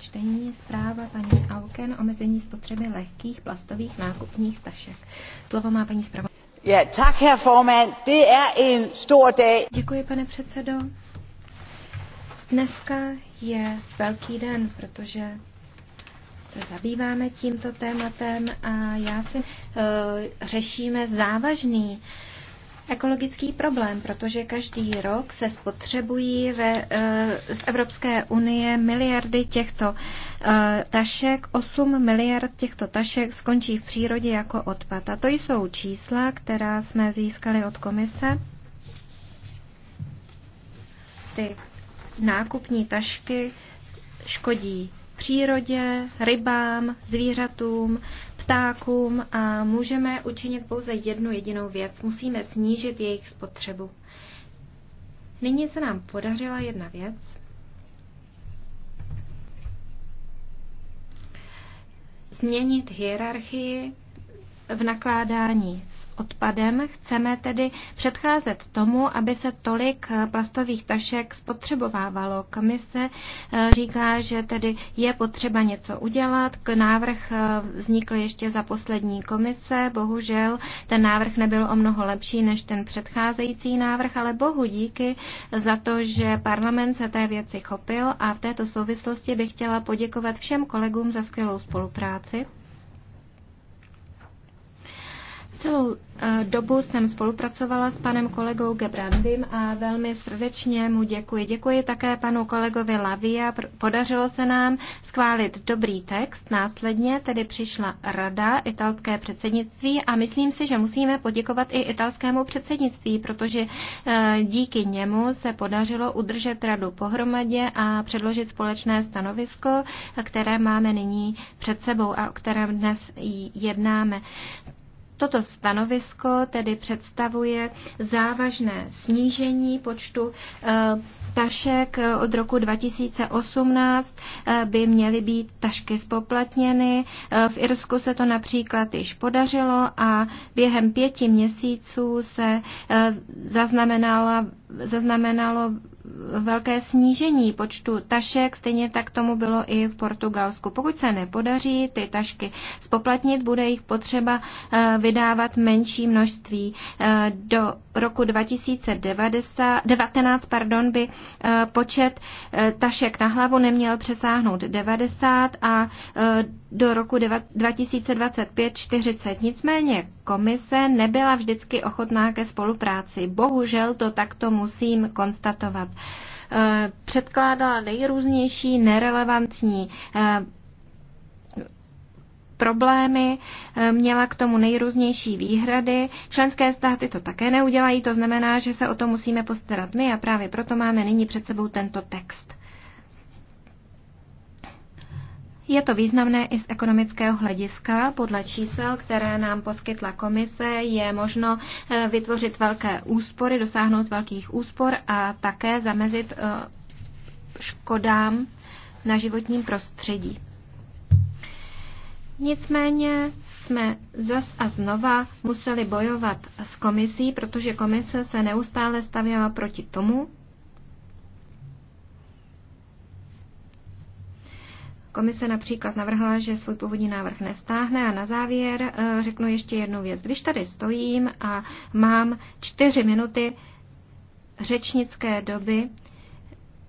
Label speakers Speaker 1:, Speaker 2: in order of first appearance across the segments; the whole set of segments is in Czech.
Speaker 1: čtení čtení zpráva paní Auken omezení spotřeby lehkých plastových nákupních tašek. Slovo má paní zpráva. Ja, tak, herr Forman. Det er en stor dag. Děkuji, pane předsedo. Dneska je velký den, protože se zabýváme tímto tématem a já si uh, řešíme závažný uh, ekologický problém, protože každý rok se spotřebují ve, z e, Evropské unie miliardy těchto e, tašek. 8 miliard těchto tašek skončí v přírodě jako odpad. A to jsou čísla, která jsme získali od komise. Ty nákupní tašky škodí přírodě, rybám, zvířatům, ptákům a můžeme učinit pouze jednu jedinou věc. Musíme snížit jejich spotřebu. Nyní se nám podařila jedna věc. Změnit hierarchii v nakládání s odpadem. Chceme tedy předcházet tomu, aby se tolik eh, plastových tašek spotřebovávalo. Komise eh, říká, že tedy je potřeba něco udělat. Návrh eh, vznikl ještě za poslední komise. Bohužel ten návrh nebyl o mnoho lepší než ten předcházející návrh, ale bohu díky za to, že parlament se té věci chopil a v této souvislosti bych chtěla poděkovat všem kolegům za skvělou spolupráci. Celou eh, dobu jsem spolupracovala s panem kolegou Gebrandym a velmi srdečně mu děkuji. Děkuji také panu kolegovi Lavia. Podařilo se nám schválit dobrý text. Následně tedy přišla rada italské předsednictví a myslím si, že musíme poděkovat i italskému předsednictví, protože eh, díky němu se podařilo udržet radu pohromadě a předložit společné stanovisko, které máme nyní před sebou a o kterém dnes jednáme. Toto stanovisko tedy představuje závažné snížení počtu eh, tašek od roku 2018 eh, by měly být tašky spoplatněny. Eh, v Irsku se to například již podařilo a během pěti měsíců se zaznamenalo velké snížení počtu tašek, stejně tak tomu bylo i v Portugalsku. Pokud se nepodaří ty tašky spoplatnit, bude jich potřeba eh, vydávat menší množství. Eh, do roku 2019 pardon, by eh, počet tašek na hlavu neměl přesáhnout 90 a do roku 2025 40. Nicméně komise nebyla vždycky ochotná ke spolupráci. Bohužel to takto musím konstatovat. Eh, předkládala nejrůznější nerelevantní eh, problémy, eh, měla k tomu nejrůznější výhrady. Členské státy to také neudělají, to znamená, že se o to musíme postarat my a právě proto máme nyní před sebou tento text. Je to významné i z ekonomického hlediska. Podle čísel, které nám poskytla komise, je možno eh, vytvořit velké úspory, dosáhnout velkých úspor a také zamezit eh, škodám na životním prostředí. Nicméně jsme zas a znova museli bojovat s komisí, protože komise se neustále stavěla proti tomu, Komise například navrhla, že svůj původní návrh nestáhne a na závěr eh, řeknu ještě jednu věc. Když tady stojím a mám čtyři minuty řečnické doby,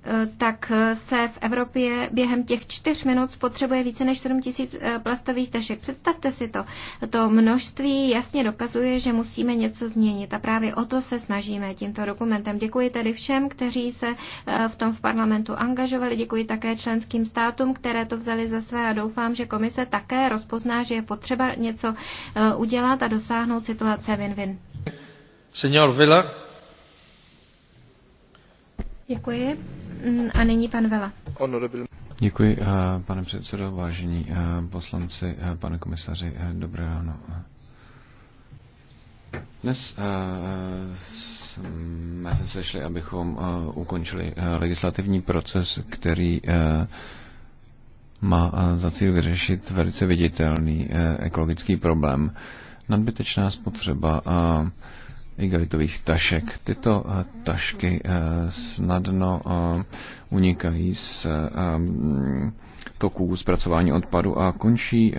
Speaker 1: Eh, tak eh, se v Evropě během těch čtyř minut spotřebuje více než 7 tisíc eh, plastových tašek. Představte si to. To množství jasně dokazuje, že musíme něco změnit a právě o to se snažíme tímto dokumentem. Děkuji tedy všem, kteří se v tom v parlamentu angažovali. Děkuji také členským státům, které to vzali za své a doufám, že komise také rozpozná, že je potřeba něco udělat a dosáhnout situace win-win.
Speaker 2: Senor Villa.
Speaker 1: Děkuji. Mm, a nyní pan Vela.
Speaker 3: Děkuji, eh, pane předsedo, vážení eh, poslanci, eh, pane komisaři, dobré ráno. Dnes jsme se sešli, abychom ukončili legislativní proces, který má za cíl vyřešit velice viditelný ekologický problém. Nadbytečná spotřeba igelitových tašek. Tyto eh, tašky eh, snadno eh, unikají z mm, toků zpracování odpadu a končí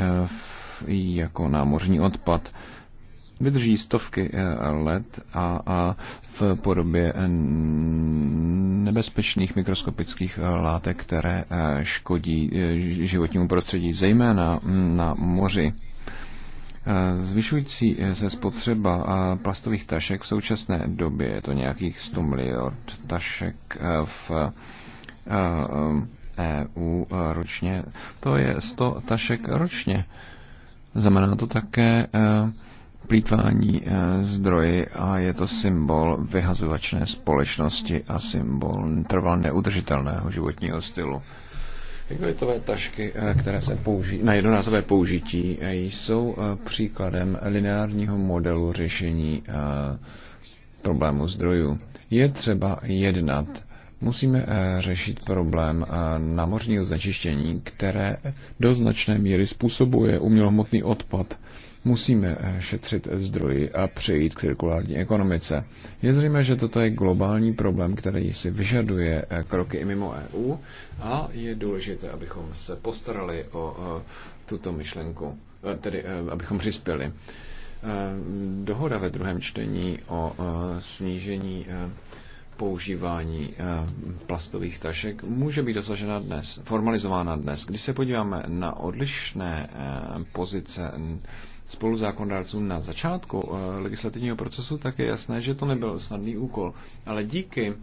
Speaker 3: jako námořní odpad. Vydrží stovky let a, a v podobě nebezpečných mikroskopických látek, které škodí životnímu prostředí, zejména mm, na moři. Zvyšující se spotřeba plastových tašek v současné době, je to nějakých 100 miliard tašek e, v EU e, e ročně, to je 100 tašek ročně. Znamená to také plítvání zdroji a je to symbol vyhazovačné společnosti a symbol trval neudržitelného životního stylu. Igelitové tašky, eh, které se použí, na jednorázové použití, eh, jsou eh, příkladem lineárního modelu řešení problému zdrojů. Je třeba jednat. Musíme řešit problém námořního znečištění, které do značné míry způsobuje umělohmotný odpad Musíme eh, šetřit zdroji a přejít k cirkulární ekonomice. Je zřejmé, že toto je globální problém, který si vyžaduje eh, kroky i mimo EU a je důležité, abychom se postarali o eh, tuto myšlenku, tedy abychom přispěli. Dohoda ve druhém čtení o snížení používání plastových tašek může být dosažena dnes, formalizována dnes. Když se podíváme na odlišné pozice Spoluzákonodárcům na začátku eh, legislativního procesu, tak je jasné, že to nebyl snadný úkol. Ale díky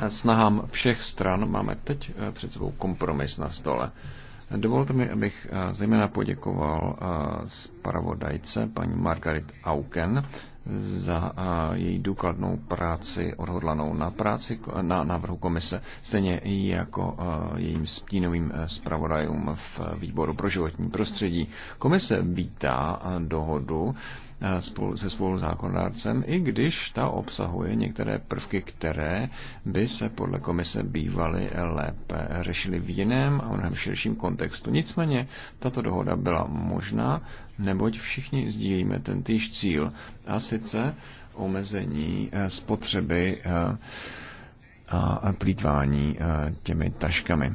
Speaker 3: eh, snahám všech stran máme teď eh, před sebou kompromis na stole. Dovolte mi, abych zejména poděkoval zpravodajce paní Margaret Auken za její důkladnou práci odhodlanou na, práci, na návrhu komise, stejně jako jejím stínovým e, zpravodajům v e, výboru pro životní prostředí. Komise vítá dohodu, Eh, se se spoluzákonodárcem, i když ta obsahuje některé prvky, které by se podle komise bývaly lépe řešily v jiném a mnohem širším kontextu. Nicméně tato dohoda byla možná, neboť všichni sdílíme ten týž cíl, a sice omezení eh, spotřeby eh, a plítvání těmi taškami.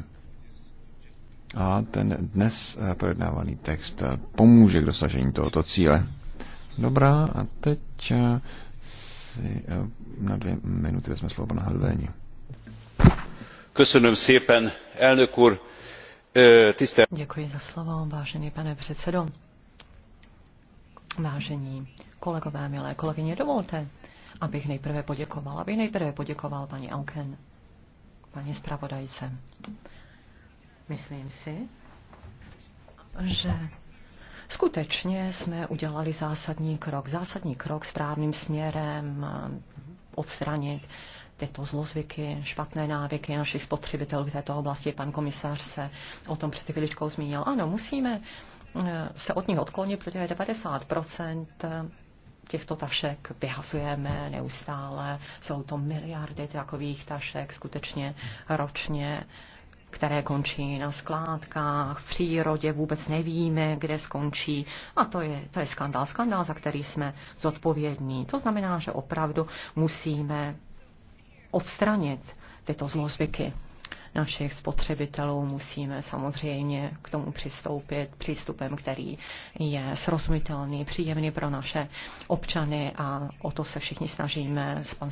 Speaker 3: A ten dnes projednávaný text pomůže k dosažení tohoto cíle. Dobrá, a teď eh, si eh, na dvě minuty vezme slovo pana Halvéni.
Speaker 2: Köszönöm szépen, elnök úr.
Speaker 3: Eh, Tisztel...
Speaker 4: Děkuji za slovo, vážený pane předsedo. Vážení kolegové, milé kolegyně, dovolte, abych nejprve poděkoval, abych nejprve poděkoval paní Auken, paní zpravodajce. Myslím si, že Skutečně jsme udělali zásadní krok, zásadní krok správným směrem odstranit tyto zlozvyky, špatné návyky našich spotřebitelů v této oblasti. Pan komisář se o tom před chvíličkou zmínil. Ano, musíme e, se od nich odklonit, protože 90 e, těchto tašek vyhazujeme neustále. Jsou to miliardy takových tašek skutečně ročně které končí na skládkách, v přírodě, vůbec nevíme, kde skončí. A to je, to je skandál, skandál, za který jsme zodpovědní. To znamená, že opravdu musíme odstranit tyto zlozvyky našich spotřebitelů, musíme samozřejmě k tomu přistoupit přístupem, který je srozumitelný, příjemný pro naše občany a o to se všichni snažíme. Pan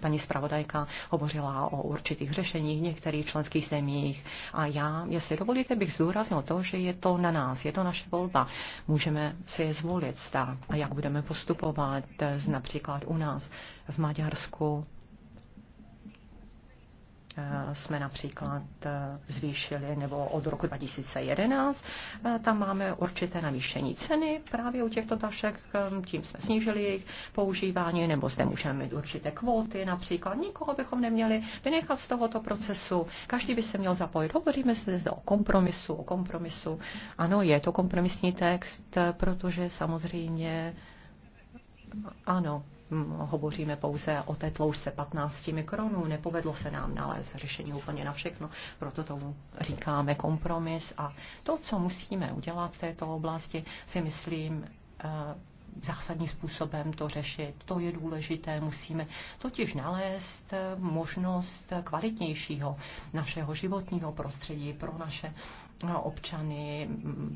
Speaker 4: paní zpravodajka hovořila o určitých řešeních některých členských zemích a já, jestli dovolíte, bych zúraznil to, že je to na nás, je to naše volba. Můžeme si je zvolit, zda a jak budeme postupovat z například u nás v Maďarsku Eh, jsme například eh, zvýšili, nebo od roku 2011, eh, tam máme určité navýšení ceny právě u těchto tašek, tím jsme snížili jejich používání, nebo zde můžeme mít určité kvóty například. Nikoho bychom neměli vynechat z tohoto procesu, každý by se měl zapojit. Hovoříme se zde o kompromisu, o kompromisu. Ano, je to kompromisní text, protože samozřejmě ano, hovoříme pouze o té tloušce 15 mikronů. Nepovedlo se nám nalézt řešení úplně na všechno, proto tomu říkáme kompromis. A to, co musíme udělat v této oblasti, si myslím, e, zásadním způsobem to řešit. To je důležité. Musíme totiž nalézt e, možnost kvalitnějšího našeho životního prostředí pro naše No, občany,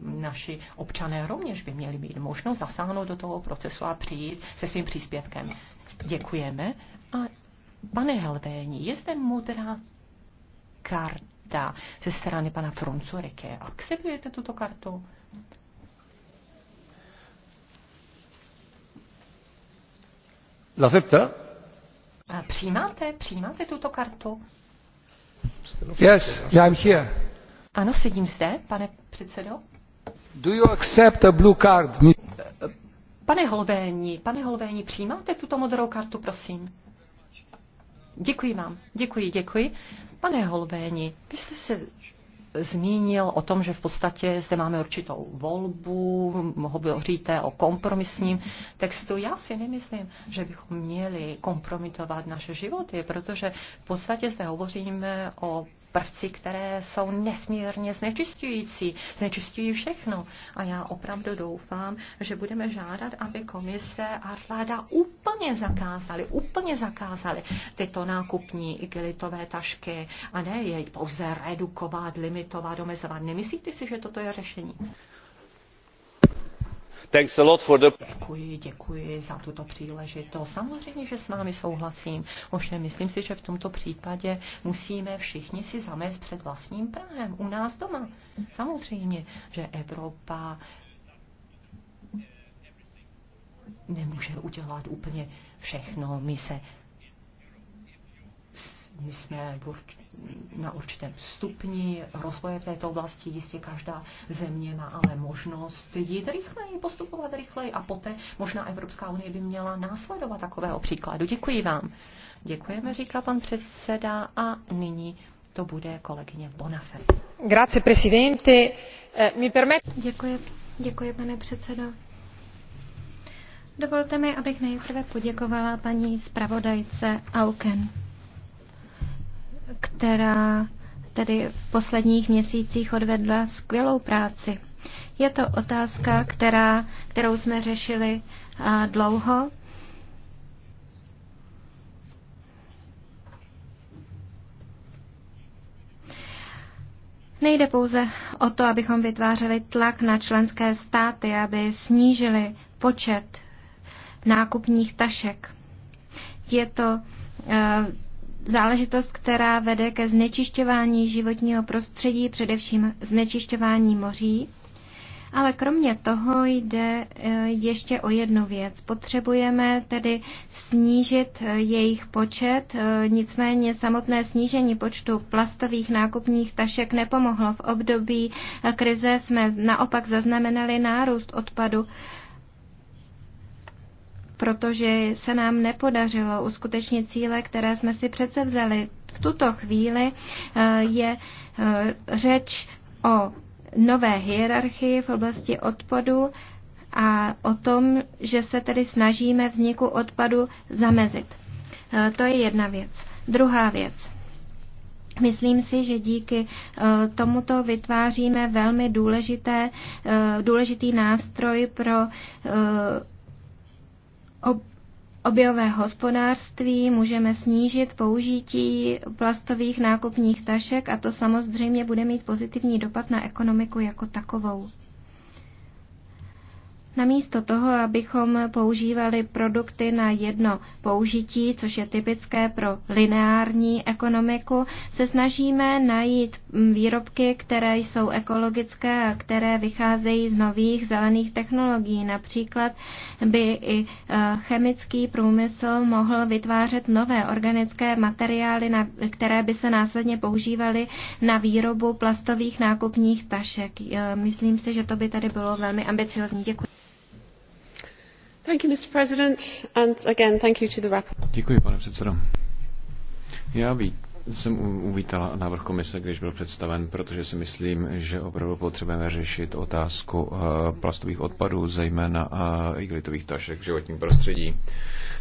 Speaker 4: naši občané rovněž by měli mít možnost zasáhnout do toho procesu a přijít se svým příspěvkem. Děkujeme. A pane Helvéni, je zde modrá karta ze strany pana Fruncureke. Akceptujete tuto kartu? A Přijímáte, přijímáte tuto kartu?
Speaker 2: Yes, I'm here.
Speaker 4: Ano, sedím zde, pane předsedo.
Speaker 2: Do you accept a blue card?
Speaker 4: Pane Holvéni, pane Holvéni, přijímáte tuto modrou kartu, prosím? Děkuji vám, děkuji, děkuji. Pane Holvéni, vy jste se zmínil o tom, že v podstatě zde máme určitou volbu, hovoříte o kompromisním textu. Já si nemyslím, že bychom měli kompromitovat naše životy, protože v podstatě zde hovoříme o prvci, které jsou nesmírně znečistující. Znečistují všechno. A já opravdu doufám, že budeme žádat, aby komise a vláda úplně zakázali, úplně zakázali tyto nákupní igelitové tašky a ne je pouze redukovat, limitovat, omezovat. Nemyslíte si, že toto je řešení?
Speaker 2: Thanks a lot for the...
Speaker 4: Děkuji, děkuji za tuto příležitost. Samozřejmě, že s námi souhlasím. Ovšem, myslím si, že v tomto případě musíme všichni si zamést před vlastním prahem u nás doma. Samozřejmě, že Evropa nemůže udělat úplně všechno. My se my jsme určitě na určitém stupni rozvoje v této oblasti. Jistě každá země má ale možnost jít rychleji, postupovat rychleji a poté možná Evropská unie by měla následovat takového příkladu. Děkuji vám. Děkujeme, říká pan předseda a nyní to bude kolegyně Bonafé.
Speaker 1: Grazie, presidente. Eh, mi permet... Děkuji, děkuji, pane předsedo. Dovolte mi, abych nejprve poděkovala paní zpravodajce Auken která tedy v posledních měsících odvedla skvělou práci. Je to otázka, která, kterou jsme řešili dlouho. Nejde pouze o to, abychom vytvářeli tlak na členské státy, aby snížili počet nákupních tašek. Je to záležitost, která vede ke znečišťování životního prostředí, především znečišťování moří. Ale kromě toho jde e, ještě o jednu věc. Potřebujeme tedy snížit e, jejich počet, e, nicméně samotné snížení počtu plastových nákupních tašek nepomohlo. V období krize jsme naopak zaznamenali nárůst odpadu protože se nám nepodařilo uskutečnit cíle, které jsme si přece vzali. V tuto chvíli eh, je eh, řeč o nové hierarchii v oblasti odpadu a o tom, že se tedy snažíme vzniku odpadu zamezit. Eh, to je jedna věc. Druhá věc. Myslím si, že díky tomuto vytváříme velmi důležité, důležitý nástroj pro objevové hospodářství, můžeme snížit použití plastových nákupních tašek a to samozřejmě bude mít pozitivní dopad na ekonomiku jako takovou. Namísto toho, abychom používali produkty na jedno použití, což je typické pro lineární ekonomiku, se snažíme najít výrobky, které jsou ekologické a které vycházejí z nových zelených technologií. Například by i eh, chemický průmysl mohl vytvářet nové organické materiály, které by se následně používaly na výrobu plastových nákupních tašek. Eh, myslím si, že to by tady bylo velmi ambiciozní. Děkuji.
Speaker 5: Thank you, Mr. President, and again, thank you to the
Speaker 3: Děkuji, pane předsedo. Já vít, jsem uvítala návrh komise, když byl představen, protože si myslím, že opravdu potřebujeme řešit otázku eh, plastových odpadů, zejména eh, iglitových tašek v životním prostředí.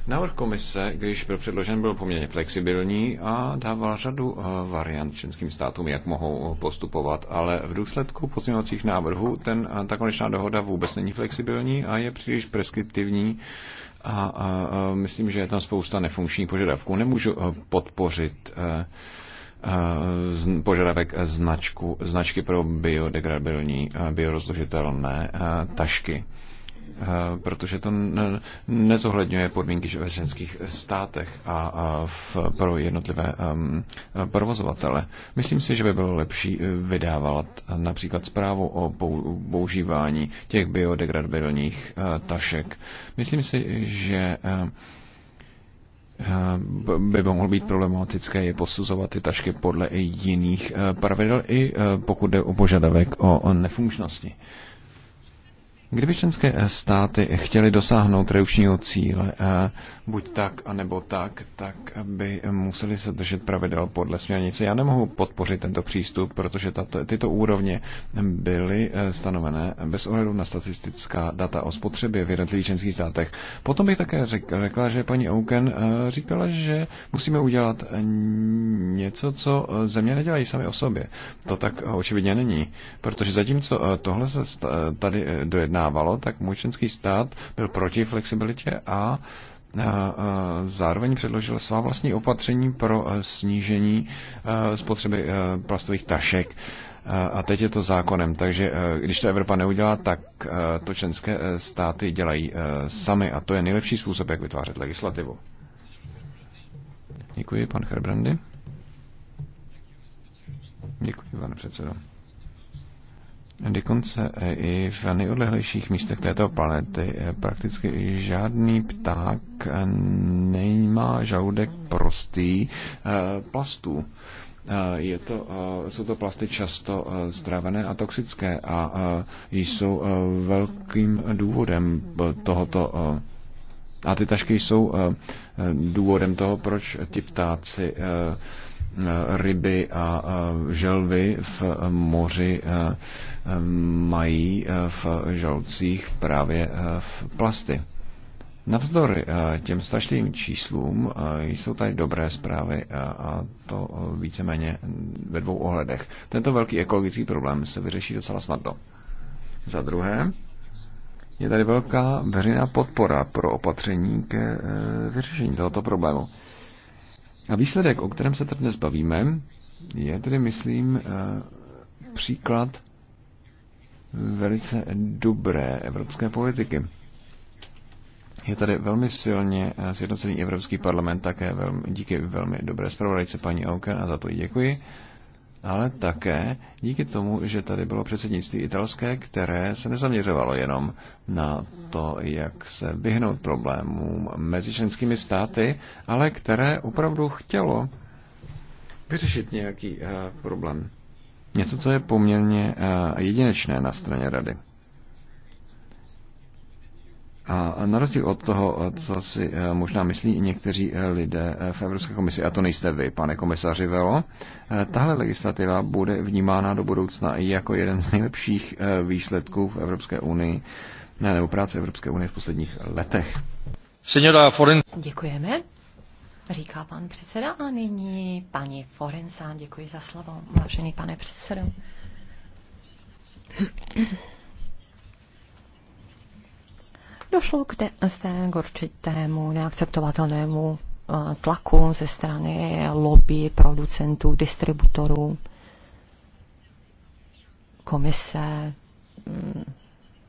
Speaker 3: Návrh komise, když byl předložen, byl poměrně flexibilní a dával řadu eh, variant členským státům, jak mohou postupovat, ale v důsledku pozměňovacích návrhů ten, ta konečná dohoda vůbec není flexibilní a je příliš preskriptivní a, a, a myslím, že je tam spousta nefunkčních požadavků. Nemůžu eh, podpořit a, eh, a, eh, z, požadavek značku, značky pro biodegradabilní, biorozložitelné tašky. A, Eh, protože to nezohledňuje podmínky ve ženských státech a v, pro jednotlivé provozovatele. Myslím si, že by bylo lepší eh, vydávat například zprávu o používání těch biodegradabilních eh, tašek. Myslím si, že by mohlo být problematické je posuzovat ty tašky podle jiných pravidel, i pokud jde o požadavek o nefunkčnosti. Kdyby členské státy chtěly dosáhnout redukčního cíle, eh, buď tak, anebo tak, tak by museli se držet pravidel podle směrnice. Já nemohu podpořit tento přístup, protože tato, tyto úrovně byly eh, stanovené bez ohledu na statistická data o spotřebě v jednotlivých členských státech. Potom bych také řekla, že paní Auken eh, říkala, že musíme udělat něco, co země nedělají sami o sobě. To tak očividně není, protože zatímco tohle se tady dojedná, vyjednávalo, tak můj stát byl proti flexibilitě a zároveň předložil svá vlastní opatření pro e, snížení e, spotřeby e, plastových tašek. A teď je to zákonem, takže když to Evropa neudělá, tak to členské státy dělají sami a to je nejlepší způsob, jak vytvářet legislativu. Děkuji, pan Herbrandy. Děkuji, pane předsedo. Dokonce i v nejodlehlejších místech této planety eh, prakticky žádný pták eh, nemá žaludek prostý eh, plastů. Je to, jsou to plasty často zdravené a toxické a jsou velkým důvodem tohoto a ty tašky jsou důvodem toho, proč ti ptáci Eh, ryby a eh, želvy v eh, moři mají v žalcích právě v plasty. Navzdory těm strašným číslům jsou tady dobré zprávy a to víceméně ve dvou ohledech. Tento velký ekologický problém se vyřeší docela snadno. Za druhé, je tady velká veřejná podpora pro opatření ke vyřešení tohoto problému. A výsledek, o kterém se tady dnes bavíme, je tedy, myslím, eh, příklad velice dobré evropské politiky. Je tady velmi silně eh, sjednocený Evropský parlament také velmi, díky velmi dobré zpravodajce paní Auken a za to jí děkuji ale také díky tomu, že tady bylo předsednictví italské, které se nezaměřovalo jenom na to, jak se vyhnout problémům mezi členskými státy, ale které opravdu chtělo vyřešit nějaký uh, problém. Něco, co je poměrně uh, jedinečné na straně rady. A na rozdíl od toho, co si eh, možná myslí někteří eh, lidé eh, v Evropské komisi, a to nejste vy, pane komisaři Velo, tahle legislativa bude vnímána do budoucna i jako jeden z nejlepších výsledků v Evropské unii, ne, nebo práce Evropské unie v posledních letech.
Speaker 2: Děkujeme,
Speaker 4: říká pan předseda. A nyní paní Forensán, děkuji za slovo, vážený pane předsedo. Došlo k, zde k určitému neakceptovatelnému eh, tlaku ze strany lobby producentů, distributorů, komise mm,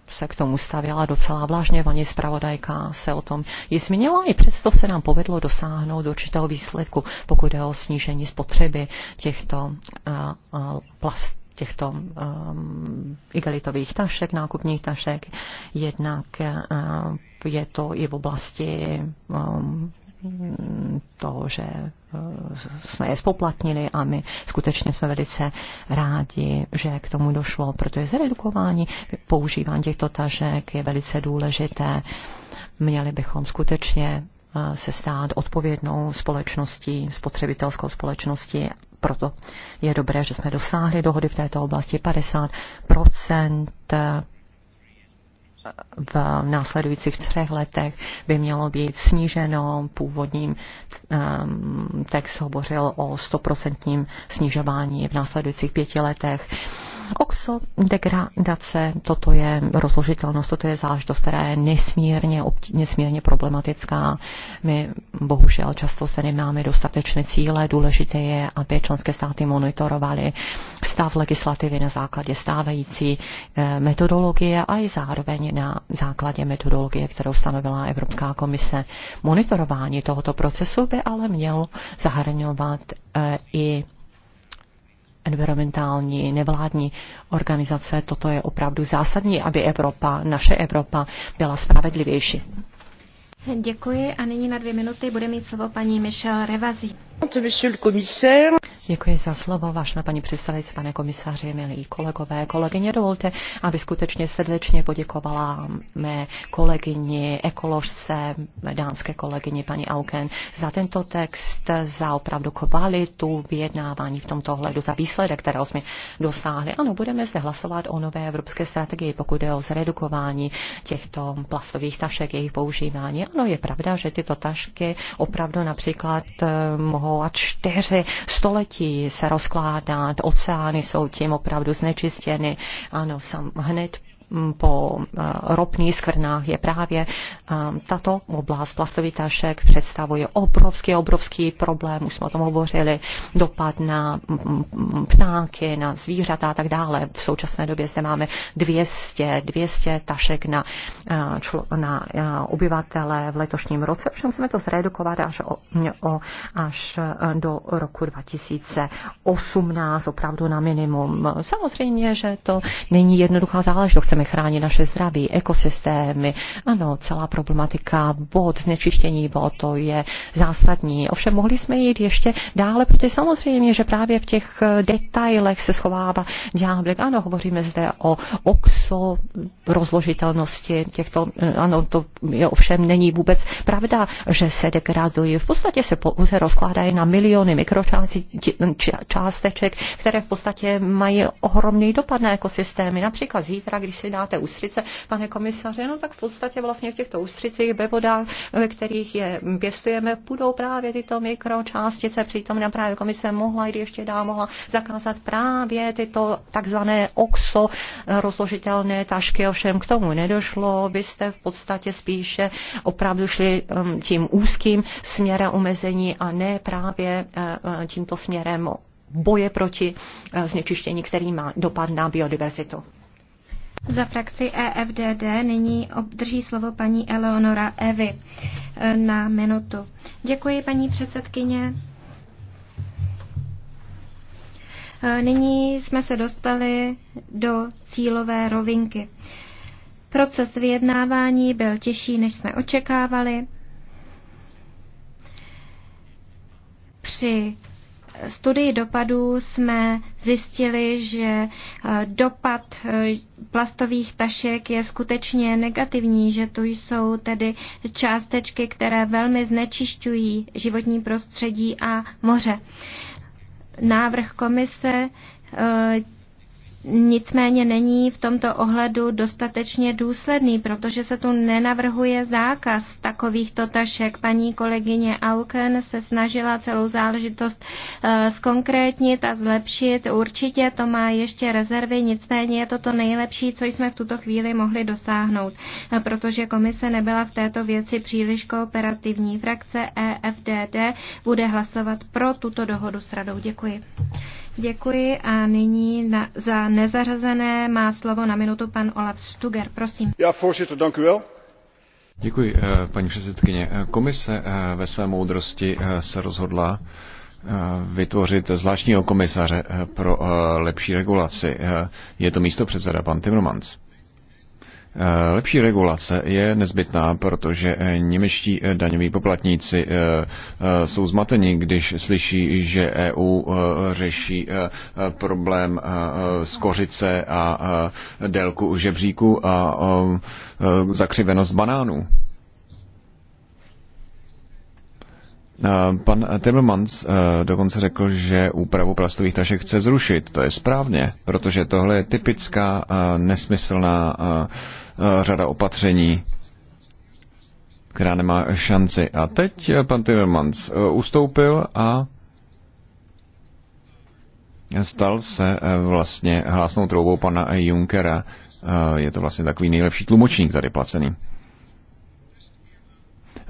Speaker 4: se k tomu stavěla docela vlážně, paní zpravodajka se o tom ji zmínila, i přesto se nám povedlo dosáhnout určitého výsledku, pokud je o snížení spotřeby těchto eh, eh, plastů těchto um, igelitových tašek, nákupních tašek. Jednak uh, je to i v oblasti um, toho, že uh, jsme je spoplatnili a my skutečně jsme velice rádi, že k tomu došlo, protože zredukování používání těchto tažek je velice důležité. Měli bychom skutečně uh, se stát odpovědnou společností, spotřebitelskou společností proto je dobré, že jsme dosáhli dohody v této oblasti 50 eh, v následujících třech letech by mělo být sníženo. Původním ehm, text hovořil o stoprocentním snižování v následujících pěti letech degradace toto je rozložitelnost, toto je záležitost, která je nesmírně, obtí, nesmírně problematická. My bohužel často se nemáme dostatečné cíle. Důležité je, aby členské státy monitorovaly stav legislativy na základě stávající eh, metodologie a i zároveň na základě metodologie, kterou stanovila Evropská komise. Monitorování tohoto procesu by ale měl zahrňovat eh, i environmentální, nevládní organizace. Toto je opravdu zásadní, aby Evropa, naše Evropa, byla spravedlivější.
Speaker 1: Děkuji a nyní na dvě minuty bude mít slovo paní Michelle Revazi.
Speaker 4: Děkuji za slovo, vážná paní předsedající, pane komisaři, milí kolegové, kolegyně. Dovolte, aby skutečně srdečně poděkovala mé kolegyni, ekoložce, dánské kolegyni paní Auken za tento text, za opravdu kvalitu vyjednávání v tomto ohledu, za výsledek, které jsme dosáhli. Ano, budeme zde hlasovat o nové evropské strategii, pokud je o zredukování těchto plastových tašek, jejich používání. Ano, je pravda, že tyto tašky opravdu například eh, mohou a čtyři století se rozkládat, oceány jsou tím opravdu znečištěny. Ano, sam, hned po e, ropných skvrnách je právě e, tato oblast plastový tašek představuje obrovský, obrovský problém, už jsme o tom hovořili, dopad na ptáky, na zvířata a tak dále. V současné době zde máme 200, 200 tašek na, e, člo, na obyvatele v letošním roce, všem musíme to zredukovat až, o, o, až do roku 2018, opravdu na minimum. Samozřejmě, že to není jednoduchá záležitost chceme chránit naše zdraví, ekosystémy. Ano, celá problematika vod, znečištění vod, to je zásadní. Ovšem mohli jsme jít ještě dále, protože samozřejmě, že právě v těch eh, detailech se schovává ďáblek. Ano, hovoříme zde o oxo rozložitelnosti těchto, eh, ano, to je ovšem není vůbec pravda, že se degradují. V podstatě se pouze rozkládají na miliony mikročásteček, které v podstatě mají ohromný dopad na ekosystémy. Například zítra, když si jestli dáte ústřice, pane komisaře, no tak v podstatě vlastně v těchto ústřicích ve vodách, ve kterých je pěstujeme, budou právě tyto mikročástice přítomné. Právě komise mohla, i ještě dá, mohla zakázat právě tyto takzvané oxo rozložitelné tašky, ovšem k tomu nedošlo. Vy jste v podstatě spíše opravdu šli um, tím úzkým směrem omezení a ne právě uh, tímto směrem boje proti uh, znečištění, který má dopad na biodiverzitu.
Speaker 1: Za frakci EFDD nyní obdrží slovo paní Eleonora Evy e, na minutu. Děkuji, paní předsedkyně. E, nyní jsme se dostali do cílové rovinky. Proces vyjednávání byl těžší, než jsme očekávali. Při studii dopadů jsme zjistili, že eh, dopad eh, plastových tašek je skutečně negativní, že tu jsou tedy částečky, které velmi znečišťují životní prostředí a moře. Návrh komise eh, nicméně není v tomto ohledu dostatečně důsledný, protože se tu nenavrhuje zákaz takovýchto tašek. Paní kolegyně Auken se snažila celou záležitost eh, zkonkrétnit a zlepšit. Určitě to má ještě rezervy, nicméně je to to nejlepší, co jsme v tuto chvíli mohli dosáhnout, eh, protože komise nebyla v této věci příliš kooperativní. Frakce EFDD bude hlasovat pro tuto dohodu s radou. Děkuji. Děkuji a nyní na, za nezařazené má slovo na minutu pan Olaf Stuger. Prosím.
Speaker 6: Já, voorzitter, dank u wel.
Speaker 3: Děkuji, eh, paní předsedkyně. Eh, komise eh, ve své moudrosti se rozhodla vytvořit zvláštního komisaře pro lepší regulaci. Je to místo předseda pan Timmermans. Eh, lepší regulace je nezbytná, protože eh, němečtí eh, daňoví poplatníci jsou zmateni, když slyší, že EU řeší problém z kořice a délku žebříku a zakřivenost banánů. Eh, pan Timmermans eh, dokonce řekl, že úpravu plastových tašek chce zrušit. To je správně, protože tohle je typická eh, nesmyslná řada opatření, která nemá šanci. A teď pan Timmermans ustoupil a stal se vlastně hlásnou troubou pana Junkera. Je to vlastně takový nejlepší tlumočník tady placený.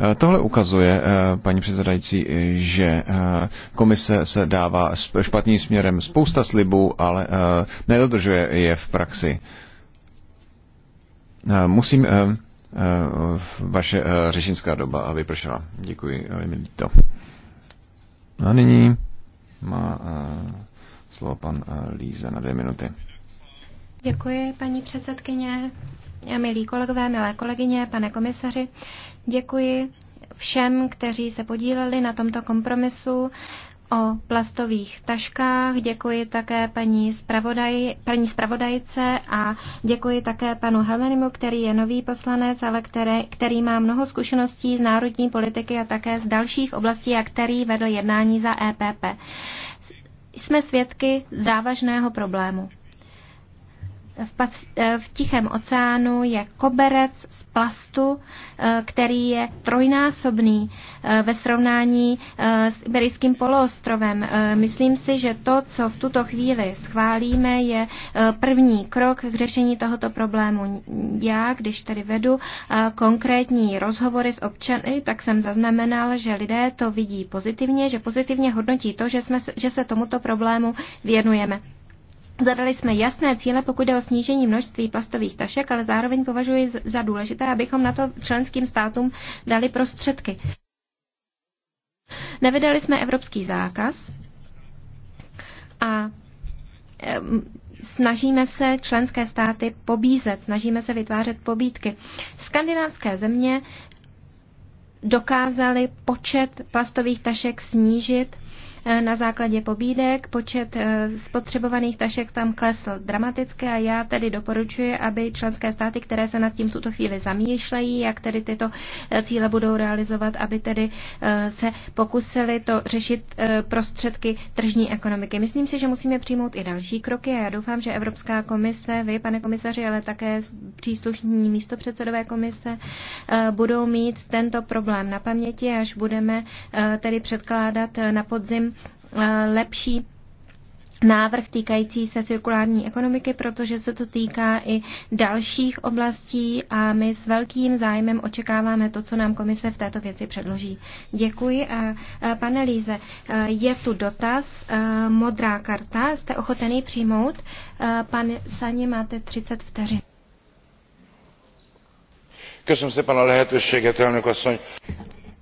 Speaker 3: Eh, tohle ukazuje, eh, paní předsedající, že eh, komise se dává špatným směrem spousta slibů, ale nedodržuje je v praxi. Musím vaše řešinská doba vypršela. Děkuji, Emilito. A nyní má slovo pan Líze na dvě minuty.
Speaker 1: Děkuji, paní předsedkyně, milí kolegové, milé kolegyně, pane komisaři. Děkuji všem, kteří se podíleli na tomto kompromisu o plastových taškách. Děkuji také paní, spravodaj, paní spravodajce a děkuji také panu Helmenimu, který je nový poslanec, ale který, který má mnoho zkušeností z národní politiky a také z dalších oblastí a který vedl jednání za EPP. Jsme svědky závažného problému v, pas, eh, v Tichém oceánu je koberec z plastu, eh, který je trojnásobný eh, ve srovnání s Iberijským poloostrovem. Myslím si, že to, co v tuto chvíli schválíme, je první krok k řešení tohoto problému. Já, když tady vedu konkrétní rozhovory s občany, tak jsem zaznamenal, že lidé to vidí pozitivně, že pozitivně hodnotí to, že, jsme, že se tomuto problému věnujeme. Zadali jsme jasné cíle, pokud jde o snížení množství plastových tašek, ale zároveň považuji za důležité, abychom na to členským státům dali prostředky. Nevydali jsme evropský zákaz a snažíme se členské státy pobízet, snažíme se vytvářet pobídky. Skandinávské země dokázaly počet plastových tašek snížit Eh, na základě pobídek. Počet eh, spotřebovaných tašek tam klesl dramaticky a já tedy doporučuji, aby členské státy, které se nad tím tuto chvíli zamýšlejí, jak tedy tyto eh, cíle budou realizovat, aby tedy se pokusili to řešit prostředky tržní ekonomiky. Myslím si, že musíme přijmout i další kroky a já doufám, že Evropská komise, vy, pane komisaři, ale také příslušní místopředsedové komise budou mít tento problém na paměti, až budeme tedy předkládat na podzim lepší návrh týkající se cirkulární ekonomiky, protože se to týká i dalších oblastí a my s velkým zájmem očekáváme to, co nám komise v této věci předloží. Děkuji. A pane Líze, je tu dotaz, modrá karta, jste ochotený přijmout? Pane Saně, máte 30 vteřin.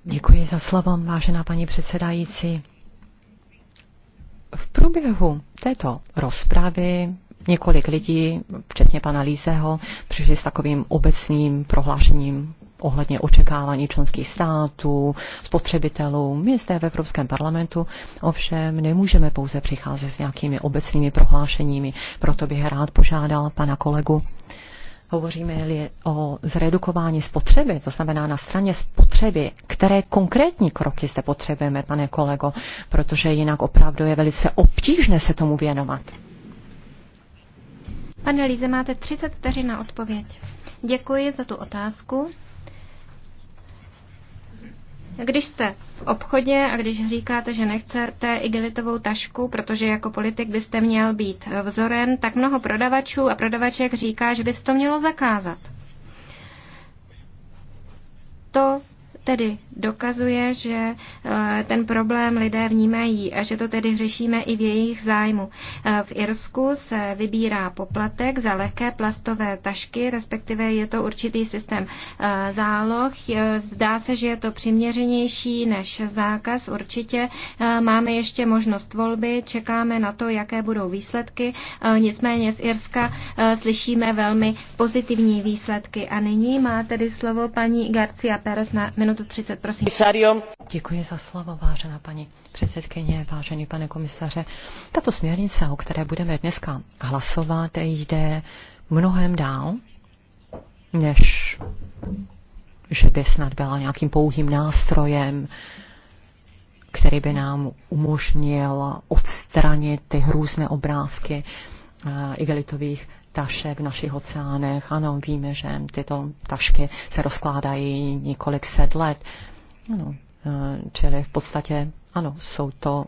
Speaker 4: Děkuji za slovo, vážená paní předsedající v průběhu této rozpravy několik lidí, včetně pana Lízeho, přišli s takovým obecným prohlášením ohledně očekávání členských států, spotřebitelů. My zde v Evropském parlamentu ovšem nemůžeme pouze přicházet s nějakými obecnými prohlášeními, proto bych rád požádal pana kolegu Hovoříme-li o zredukování spotřeby, to znamená na straně spotřeby, které konkrétní kroky zde potřebujeme, pane kolego, protože jinak opravdu je velice obtížné se tomu věnovat.
Speaker 1: Pane Líze, máte 30 vteřin na odpověď. Děkuji za tu otázku. Když jste v obchodě a když říkáte, že nechcete igelitovou tašku, protože jako politik byste měl být vzorem, tak mnoho prodavačů a prodavaček říká, že by se to mělo zakázat. To tedy dokazuje, že eh, ten problém lidé vnímají a že to tedy řešíme i v jejich zájmu. Eh, v Irsku se vybírá poplatek za lehké plastové tašky, respektive je to určitý systém eh, záloh. Zdá se, že je to přiměřenější než zákaz. Určitě máme ještě možnost volby, čekáme na to, jaké budou výsledky. Nicméně z Irska slyšíme velmi pozitivní výsledky. A nyní má tedy slovo paní Garcia Pérez na minutu.
Speaker 4: Děkuji za slovo, vážená paní předsedkyně, vážený pane komisaře. Tato směrnice, o které budeme dneska hlasovat, jde mnohem dál, než že by snad byla nějakým pouhým nástrojem, který by nám umožnil odstranit ty hrůzné obrázky eh, igelitových tašek v našich oceánech. Ano, víme, že tyto tašky se rozkládají několik set let. Ano, e, čili v podstatě ano, jsou to,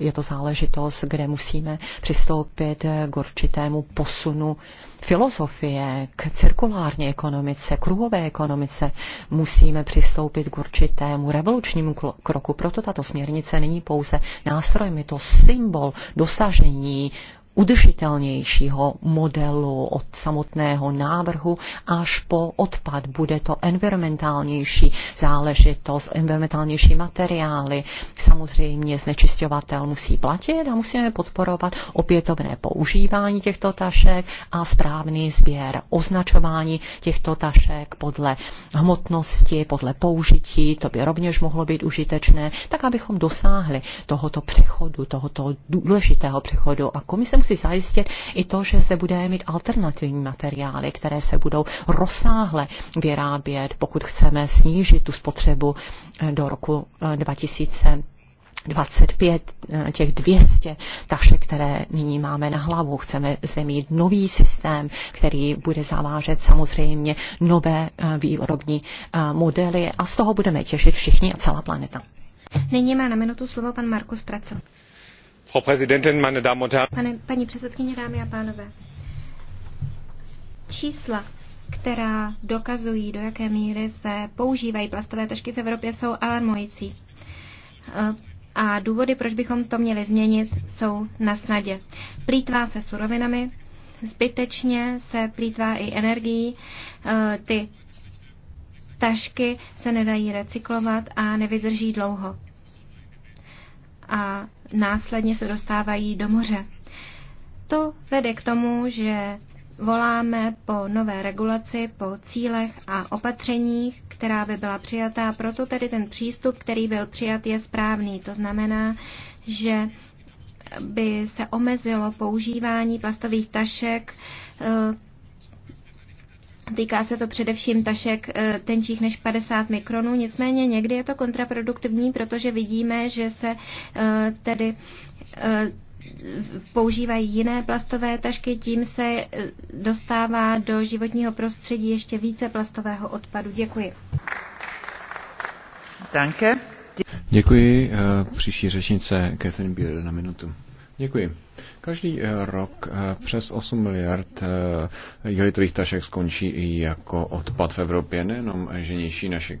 Speaker 4: e, je to záležitost, kde musíme přistoupit k určitému posunu filozofie, k cirkulární ekonomice, kruhové ekonomice. Musíme přistoupit k určitému revolučnímu kroku. Proto tato směrnice není pouze nástrojem, je to symbol dosažení udržitelnějšího modelu, od samotného návrhu až po odpad. Bude to environmentálnější záležitost, environmentálnější materiály. Samozřejmě znečišťovatel musí platit a musíme podporovat opětovné používání těchto tašek a správný sběr, označování těchto tašek podle hmotnosti, podle použití, to by rovněž mohlo být užitečné, tak abychom dosáhli tohoto přechodu, tohoto důležitého přechodu. A komise musí si zajistit i to, že se budeme mít alternativní materiály, které se budou rozsáhle vyrábět, pokud chceme snížit tu spotřebu eh, do roku 2000. Eh, 25 eh, těch 200 tašek, které nyní máme na hlavu. Chceme zde mít nový systém, který bude zavážet samozřejmě nové výrobní modely a z toho budeme těšit všichni a celá planeta.
Speaker 1: Nyní má na minutu slovo pan Markus Praco.
Speaker 2: Frau Präsidentin, meine Damen und Herren.
Speaker 1: Pane, paní předsedkyně, dámy a pánové. Čísla, která dokazují, do jaké míry se používají plastové tašky v Evropě, jsou alarmující. Eh, a důvody, proč bychom to měli změnit, jsou na snadě. Plítvá se surovinami, zbytečně se plítvá i energií. Eh, ty tašky se nedají recyklovat a nevydrží dlouho. A následně se dostávají do moře. To vede k tomu, že voláme po nové regulaci, po cílech a opatřeních, která by byla přijatá. Proto tedy ten přístup, který byl přijat, je správný. To znamená, že by se omezilo používání plastových tašek eh, Týká se to především tašek eh, tenčích než 50 mikronů, nicméně někdy je to kontraproduktivní, protože vidíme, že se eh, tedy eh, používají jiné plastové tašky, tím se dostává do životního prostředí ještě více plastového odpadu. Děkuji.
Speaker 3: Danke. Děkuji. Příští řečnice Catherine Bier na minutu. Děkuji. Každý eh, rok eh, přes 8 miliard eh, jelitových tašek skončí i jako odpad v Evropě, nejenom že ničí naši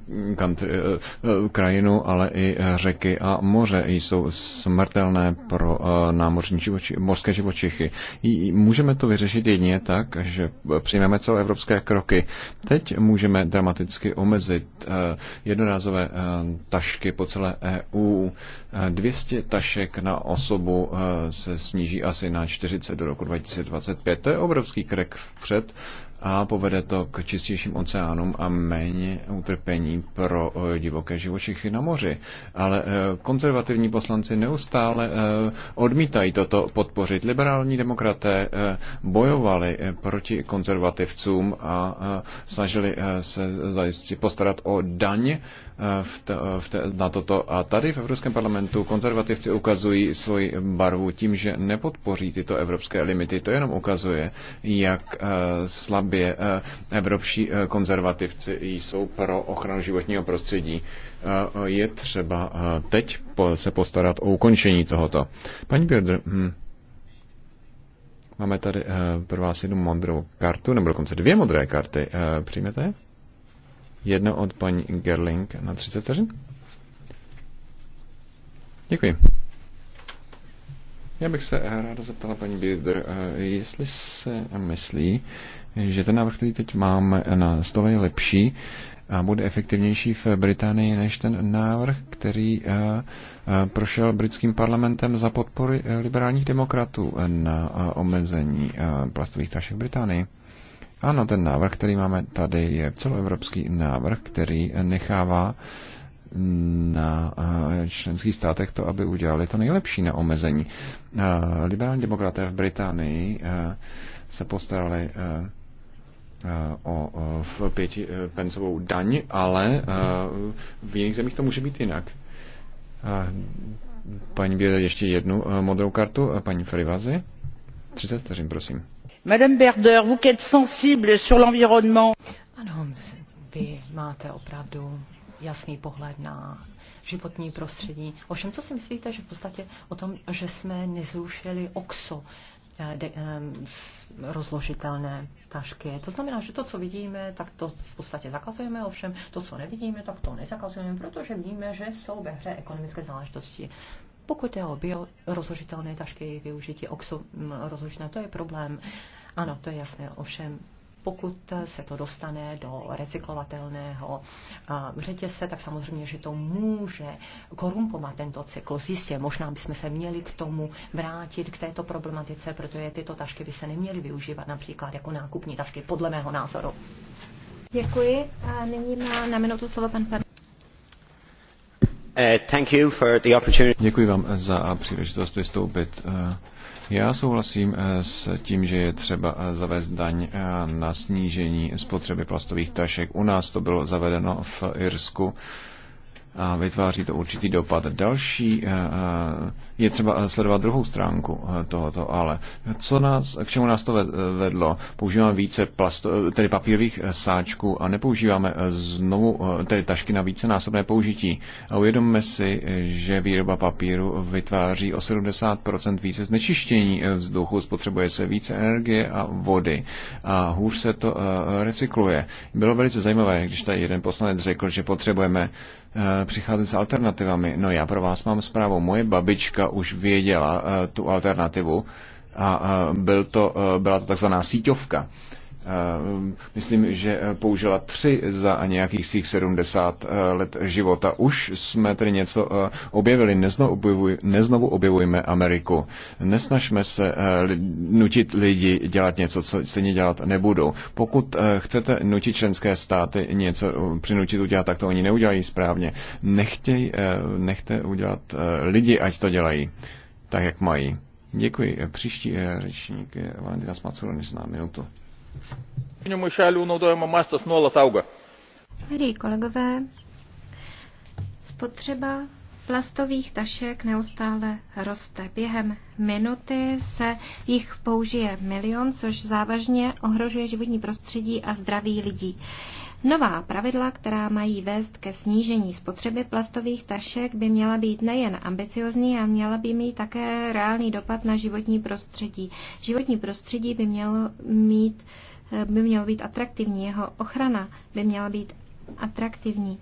Speaker 3: krajinu, ale i řeky a moře jsou smrtelné pro námořní živoči, mořské živočichy. Můžeme to vyřešit jedině tak, že přijmeme celoevropské kroky. Teď můžeme dramaticky omezit jednorázové tašky po celé EU. 200 tašek na osobu se sníží sníží asi na 40 do roku 2025. To je obrovský krek vpřed a povede to k čistějším oceánům a méně utrpení pro eh, divoké živočichy na moři. Ale eh, konzervativní poslanci neustále eh, odmítají toto podpořit. Liberální demokraté bojovali proti konzervativcům a snažili se zajistit postarat o daň v te, v te, na toto. A tady v Evropském parlamentu konzervativci ukazují svoji barvu tím, že nepodpoří tyto evropské limity. To jenom ukazuje, jak eh, slabě eh, evropští eh, konzervativci jsou pro ochranu životního prostředí. Je třeba teď se postarat o ukončení tohoto. Paní Björder, hm. Máme tady uh, pro vás jednu modrou kartu, nebo dokonce dvě modré karty. Uh, přijmete? Jedno od paní Gerling na 30 vteřin. Děkuji. Já bych se ráda zeptala paní Bieder, eh, jestli se myslí, že ten návrh, který teď máme na stole, je lepší a bude efektivnější v Británii než ten návrh, který eh, eh, prošel britským parlamentem za podpory liberálních demokratů na omezení plastových tašek v Británii. Ano, ten návrh, který máme tady, je celoevropský návrh, který nechává na eh, členských státech to, aby udělali to nejlepší na omezení. Eh, liberální demokraté v Británii eh, se postarali o v pěti pencovou daň, ale v jiných zemích to může být jinak. Paní Běda, ještě jednu modrou kartu, paní Frivazy. 30 vteřin, prosím.
Speaker 4: Madame Berder, vous qui êtes sensible sur l'environnement. na životní prostředí. Ovšem, co si myslíte, že v podstatě o tom, že jsme nezrušili OXO, eh, de, eh, rozložitelné tašky. To znamená, že to, co vidíme, tak to v podstatě zakazujeme, ovšem to, co nevidíme, tak to nezakazujeme, protože víme, že jsou ve hře ekonomické záležitosti. Pokud je o biorozložitelné tašky, využití oxu mm, rozložitelné, to je problém. Ano, to je jasné, ovšem pokud se to dostane do recyklovatelného řetězce, tak samozřejmě, že to může korumpovat tento cyklus. Jistě, možná bychom se měli k tomu vrátit, k této problematice, protože tyto tašky by se neměly využívat například jako nákupní tašky, podle mého názoru.
Speaker 1: Děkuji. A nyní má na minutu slovo pan Fer.
Speaker 3: Uh, Děkuji vám za příležitost vystoupit. Uh, já souhlasím uh, s tím, že je třeba zavést daň na snížení spotřeby plastových tašek. U nás to bylo zavedeno v Irsku a vytváří to určitý dopad. Další eh, eh, je třeba sledovat druhou stránku eh, tohoto, ale co nás, k čemu nás to vedlo? Používáme více plasto, tedy papírových sáčků a nepoužíváme znovu tedy tašky na více násobné použití. A uvědomme si, že výroba papíru vytváří o 70% více znečištění vzduchu, spotřebuje se více energie a vody a hůř se to recykluje. Bylo velice zajímavé, když tady jeden poslanec řekl, že potřebujeme Eh, přicházet s alternativami. No já pro vás mám zprávu. Moje babička už věděla eh, tu alternativu a eh, byl to, byla to takzvaná síťovka. Eh, myslím, že eh, použila tři za nějakých svých 70 eh, let života. Už jsme tedy něco objevili. Neznovu, objevuj, neznovu objevujme Ameriku. Nesnažme se nutit lidi dělat něco, co stejně dělat nebudou. Pokud chcete nutit členské státy něco přinutit udělat, tak to oni neudělají správně. Nechtěj, nechte udělat lidi, ať to dělají tak, jak mají. Děkuji. Příští řečník je Valentina Smacuronis na minutu.
Speaker 2: Maišelių naudojimo mastas nuolat auga.
Speaker 1: Milí kolegové, spotřeba plastových tašek neustále roste. Během minuty se jich použije milion, což závažně ohrožuje životní prostředí a zdraví lidí. Nová pravidla, která mají vést ke snížení spotřeby plastových tašek, by měla být nejen ambiciozní a měla by mít také reálný dopad na životní prostředí. Životní prostředí by mělo mít eh, by mělo být atraktivní, jeho ochrana by měla být atraktivní.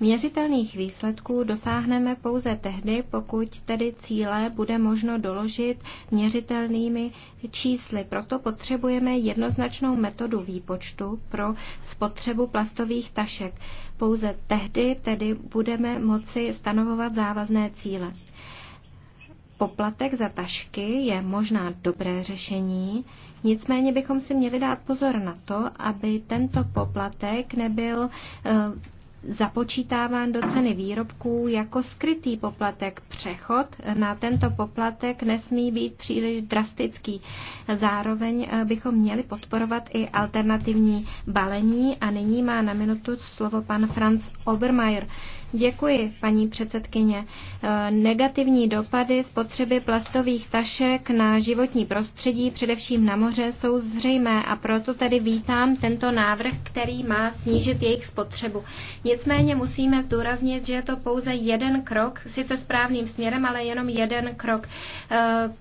Speaker 1: Měřitelných výsledků dosáhneme pouze tehdy, pokud tedy cíle bude možno doložit měřitelnými čísly. Proto potřebujeme jednoznačnou metodu výpočtu pro spotřebu plastových tašek. Pouze tehdy tedy budeme moci stanovovat závazné cíle. Poplatek za tašky je možná dobré řešení, nicméně bychom si měli dát pozor na to, aby tento poplatek nebyl eh, započítáván do ceny výrobků jako skrytý poplatek. Přechod na tento poplatek nesmí být příliš drastický. Zároveň eh, bychom měli podporovat i alternativní balení a nyní má na minutu slovo pan Franz Obermeier. Děkuji, paní předsedkyně. Eh, negativní dopady spotřeby plastových tašek na životní prostředí, především na moře, jsou zřejmé a proto tedy vítám tento návrh, který má snížit jejich spotřebu. Nicméně musíme zdůraznit, že je to pouze jeden krok, sice správným směrem, ale jenom jeden krok. Eh,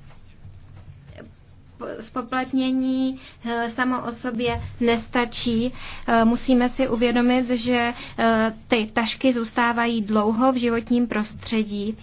Speaker 1: spoplatnění eh, samo o sobě nestačí. Eh, musíme si uvědomit, že eh, ty tašky zůstávají dlouho v životním prostředí.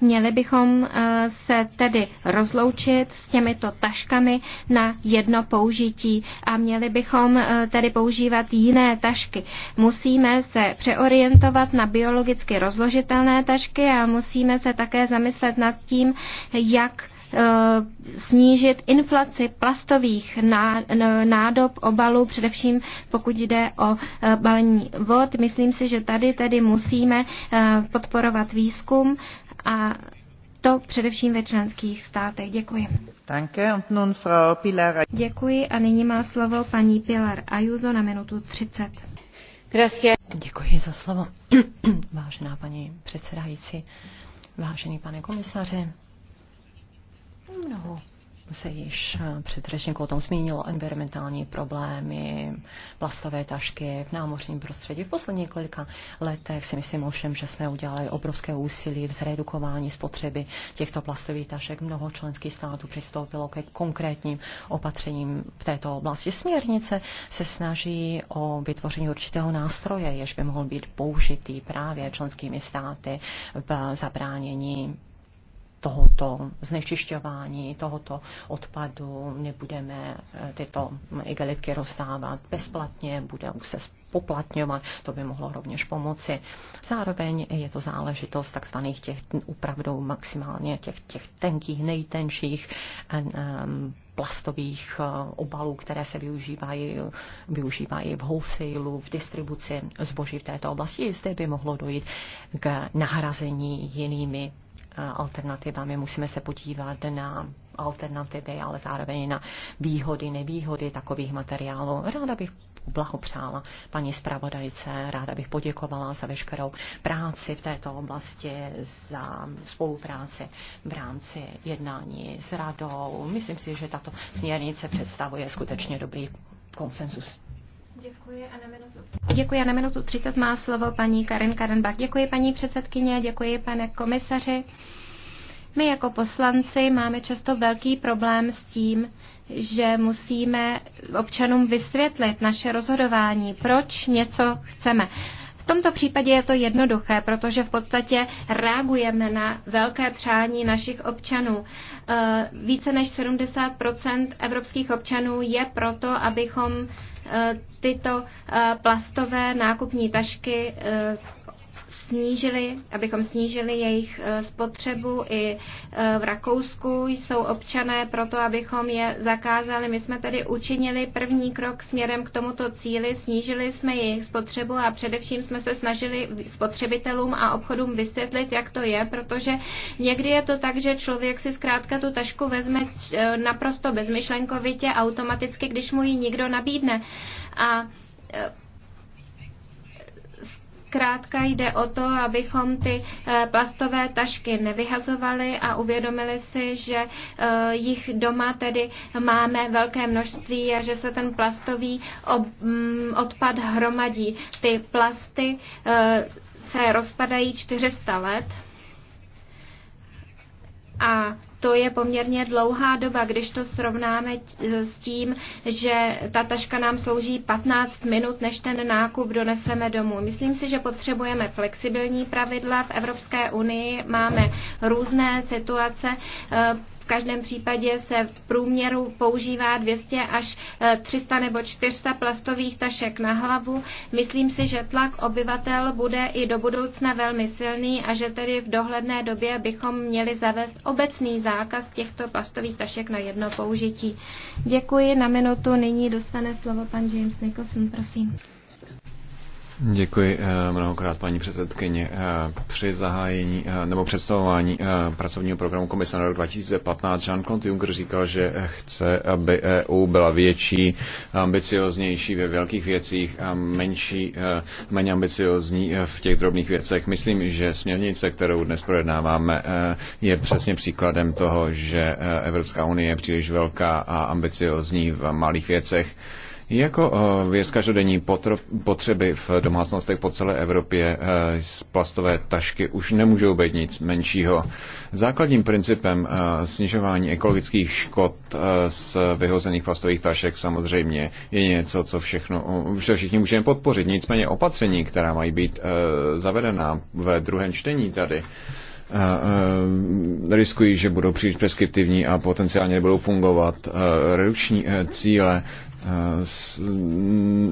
Speaker 1: Měli bychom se tedy rozloučit s těmito taškami na jedno použití a měli bychom tedy používat jiné tašky. Musíme se přeorientovat na biologicky rozložitelné tašky a musíme se také zamyslet nad tím, jak Eh, snížit inflaci plastových nádob, obalů, především pokud jde o eh, balení vod. Myslím si, že tady tedy musíme eh, podporovat výzkum a to především ve členských státech. Děkuji. Pilar. Děkuji a nyní má slovo paní Pilar Ajuzo na minutu 30.
Speaker 4: Děkuji za slovo. Vážená paní předsedající, vážený pane komisaři, Mnoho se již eh, předřečník o tom zmínilo, environmentální problémy, plastové tašky v námořním prostředí. V posledních několika letech si myslím ovšem, že jsme udělali obrovské úsilí v zredukování spotřeby těchto plastových tašek. Mnoho členských států přistoupilo ke konkrétním opatřením v této oblasti. Směrnice se snaží o vytvoření určitého nástroje, jež by mohl být použitý právě členskými státy v zabránění tohoto znečišťování, tohoto odpadu, nebudeme eh, tyto igelitky rozdávat bezplatně, budou se spoplatňovat. To by mohlo rovněž pomoci. Zároveň je to záležitost takzvaných těch upravdou maximálně těch, těch tenkých, nejtenších plastových eh, obalů, které se využívají, využívají v wholesale, v distribuci zboží v této oblasti. Zde by mohlo dojít k nahrazení jinými eh, alternativami. Musíme se podívat na alternativy, ale zároveň na výhody, nevýhody takových materiálů. Ráda bych blahopřála paní zpravodajce. Ráda bych poděkovala za veškerou práci v této oblasti, za spolupráci v rámci jednání s radou. Myslím si, že tato směrnice představuje skutečně dobrý konsenzus. Děkuji
Speaker 1: a na minutu. Děkuji a na minutu 30 má slovo paní Karin Karenbach. Děkuji paní předsedkyně, děkuji pane komisaři. My jako poslanci máme často velký problém s tím, že musíme občanům vysvětlit naše rozhodování, proč něco chceme. V tomto případě je to jednoduché, protože v podstatě reagujeme na velké přání našich občanů. E, více než 70 evropských občanů je proto, abychom e, tyto e, plastové nákupní tašky snížili, abychom snížili jejich eh, spotřebu i eh, v Rakousku jsou občané proto, abychom je zakázali. My jsme tedy učinili první krok směrem k tomuto cíli, snížili jsme jejich spotřebu a především jsme se snažili spotřebitelům a obchodům vysvětlit, jak to je, protože někdy je to tak, že člověk si zkrátka tu tašku vezme eh, naprosto bezmyšlenkovitě, automaticky, když mu ji nikdo nabídne. A Zkrátka jde o to, abychom ty eh, plastové tašky nevyhazovali a uvědomili si, že eh, jich doma tedy máme velké množství a že se ten plastový mm, odpad hromadí. Ty plasty eh, se rozpadají 400 let a to je poměrně dlouhá doba, když to srovnáme s tím, že ta taška nám slouží 15 minut, než ten nákup doneseme domů. Myslím si, že potřebujeme flexibilní pravidla. V Evropské unii máme různé situace v každém případě se v průměru používá 200 až 300 eh, nebo 400 plastových tašek na hlavu. Myslím si, že tlak obyvatel bude i do budoucna velmi silný a že tedy v dohledné době bychom měli zavést obecný zákaz těchto plastových tašek na jedno použití. Děkuji. Na minutu nyní dostane slovo pan James Nicholson. Prosím.
Speaker 3: Děkuji eh, mnohokrát, paní předsedkyně. Eh, při zahájení eh, nebo představování pracovního programu Komise na rok 2015 Jean-Claude Juncker říkal, že chce, aby EU byla větší, ambicioznější ve velkých věcích a menší, méně ambiciozní v těch drobných věcech. Myslím, že směrnice, kterou dnes projednáváme, je přesně příkladem toho, že Evropská unie je příliš velká a ambiciozní v malých věcech jako eh, věc každodenní potřeby v domácnostech po celé Evropě eh, z plastové tašky už nemůžou být nic menšího. Základním principem eh, snižování ekologických škod z vyhozených plastových tašek samozřejmě je něco, co všechno, všichni můžeme podpořit. Nicméně opatření, která mají být zavedená ve druhém čtení tady, riskují, že budou příliš preskriptivní a potenciálně budou fungovat redukční cíle, Eh,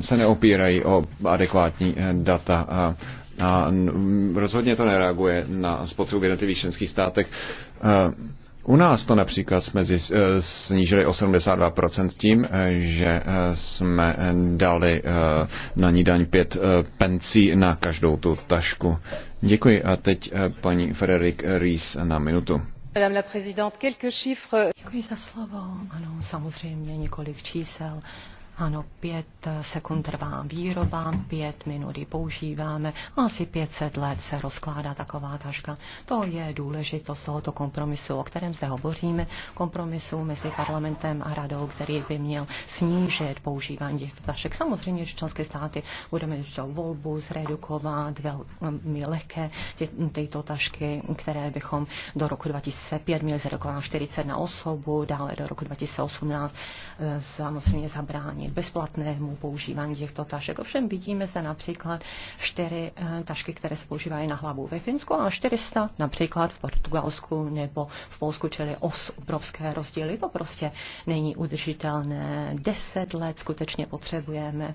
Speaker 3: se neopírají o adekvátní eh, data a a rozhodně to nereaguje na spotřebu v jednotlivých členských státech. Eh, u nás to například jsme snížili 82% tím, že jsme dali na ní daň 5 pencí na každou tu tašku. Děkuji a teď paní Frederik Ries na minutu.
Speaker 4: Madame la présidente, quelques chiffres. několik čísel. Ano, pět eh, sekund trvá výroba, pět minut ji používáme, asi 500 let se rozkládá taková taška. To je důležitost tohoto kompromisu, o kterém zde hovoříme, kompromisu mezi parlamentem a radou, který by měl snížit používání těchto tašek. Samozřejmě, že členské státy budeme ještě volbu zredukovat velmi lehké tyto tašky, které bychom do roku 2005 měli zredukovat 40 na osobu, dále do roku 2018 eh, samozřejmě zabránit zabránit bezplatnému používání těchto tašek. Ovšem vidíme se například čtyři eh, tašky, které se používají na hlavu ve Finsku a 400 například v Portugalsku nebo v Polsku, čili os obrovské rozdíly. To prostě není udržitelné. Deset let skutečně potřebujeme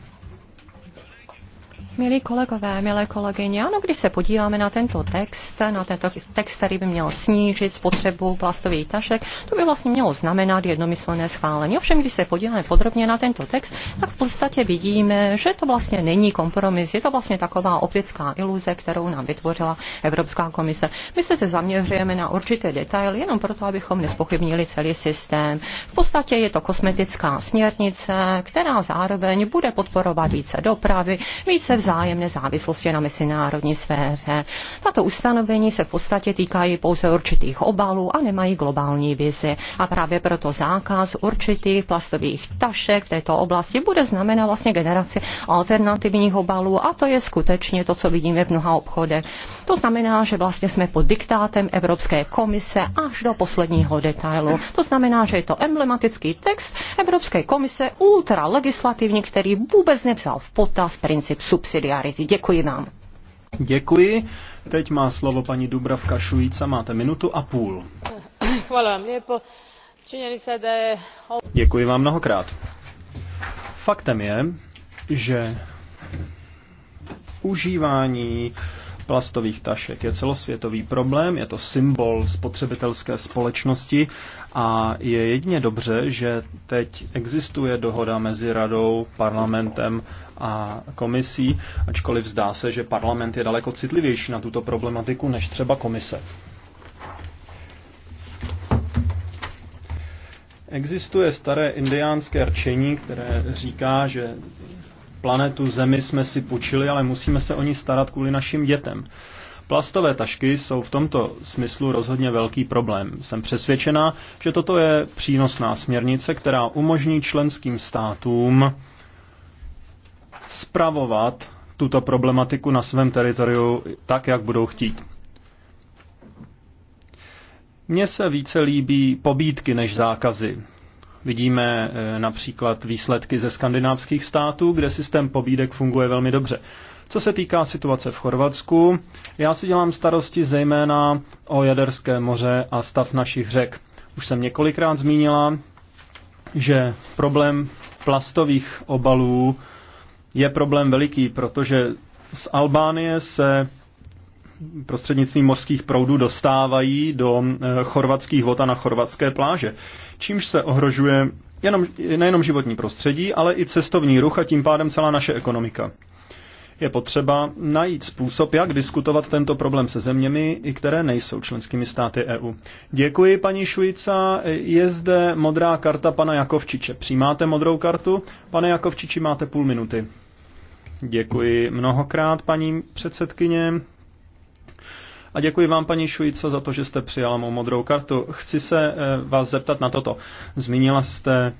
Speaker 4: Milí kolegové, milé kolegyně, ano, když se podíváme na tento text, na tento text, který by měl snížit spotřebu plastových tašek, to by vlastně mělo znamenat jednomyslné schválení. Ovšem, když se podíváme podrobně na tento text, tak v podstatě vidíme, že to vlastně není kompromis, je to vlastně taková optická iluze, kterou nám vytvořila Evropská komise. My se zaměřujeme na určité detaily, jenom proto, abychom nespochybnili celý systém. V podstatě je to kosmetická směrnice, která zároveň bude podporovat více dopravy, více vzájemné závislosti na mezinárodní sféře. Tato ustanovení se v podstatě týkají pouze určitých obalů a nemají globální vizi. A právě proto zákaz určitých plastových tašek v této oblasti bude znamenat vlastně generaci alternativních obalů a to je skutečně to, co vidíme v mnoha obchodech. To znamená, že vlastně jsme pod diktátem Evropské komise až do posledního detailu. To znamená, že je to emblematický text Evropské komise ultralegislativní, který vůbec nevzal v potaz princip subsidiarity subsidiarity. Děkuji vám.
Speaker 6: Děkuji. Teď má slovo paní Dubravka Šujica. Máte minutu a půl. Děkuji vám mnohokrát. Faktem je, že užívání plastových tašek je celosvětový problém, je to symbol spotřebitelské společnosti a je jedině dobře, že teď existuje dohoda mezi radou, parlamentem a komisí, ačkoliv zdá se, že parlament je daleko citlivější na tuto problematiku než třeba komise. Existuje staré indiánské rčení, které říká, že planetu Zemi jsme si počili, ale musíme se o ní starat kvůli našim dětem. Plastové tašky jsou v tomto smyslu rozhodně velký problém. Jsem přesvědčená, že toto je přínosná směrnice, která umožní členským státům spravovat tuto problematiku na svém teritoriu tak, jak budou chtít. Mně se více líbí pobídky než zákazy. Vidíme eh, například výsledky ze skandinávských států, kde systém pobídek funguje velmi dobře. Co se týká situace v Chorvatsku, já si dělám starosti zejména o Jaderské moře a stav našich řek. Už jsem několikrát zmínila, že problém plastových obalů je problém veliký, protože z Albánie se prostřednictvím mořských proudů dostávají do eh, chorvatských vod a na chorvatské pláže, čímž se ohrožuje jenom, nejenom životní prostředí, ale i cestovní ruch a tím pádem celá naše ekonomika. Je potřeba najít způsob, jak diskutovat tento problém se zeměmi, i které nejsou členskými státy EU. Děkuji, paní Švýca. Je zde modrá karta pana Jakovčiče. Přijímáte modrou kartu? Pane Jakovčiči, máte půl minuty. Děkuji mnohokrát, paní předsedkyně. A děkuji vám, paní Šujice, za to, že jste přijala mou modrou kartu. Chci se eh, vás zeptat na toto. Zmínila jste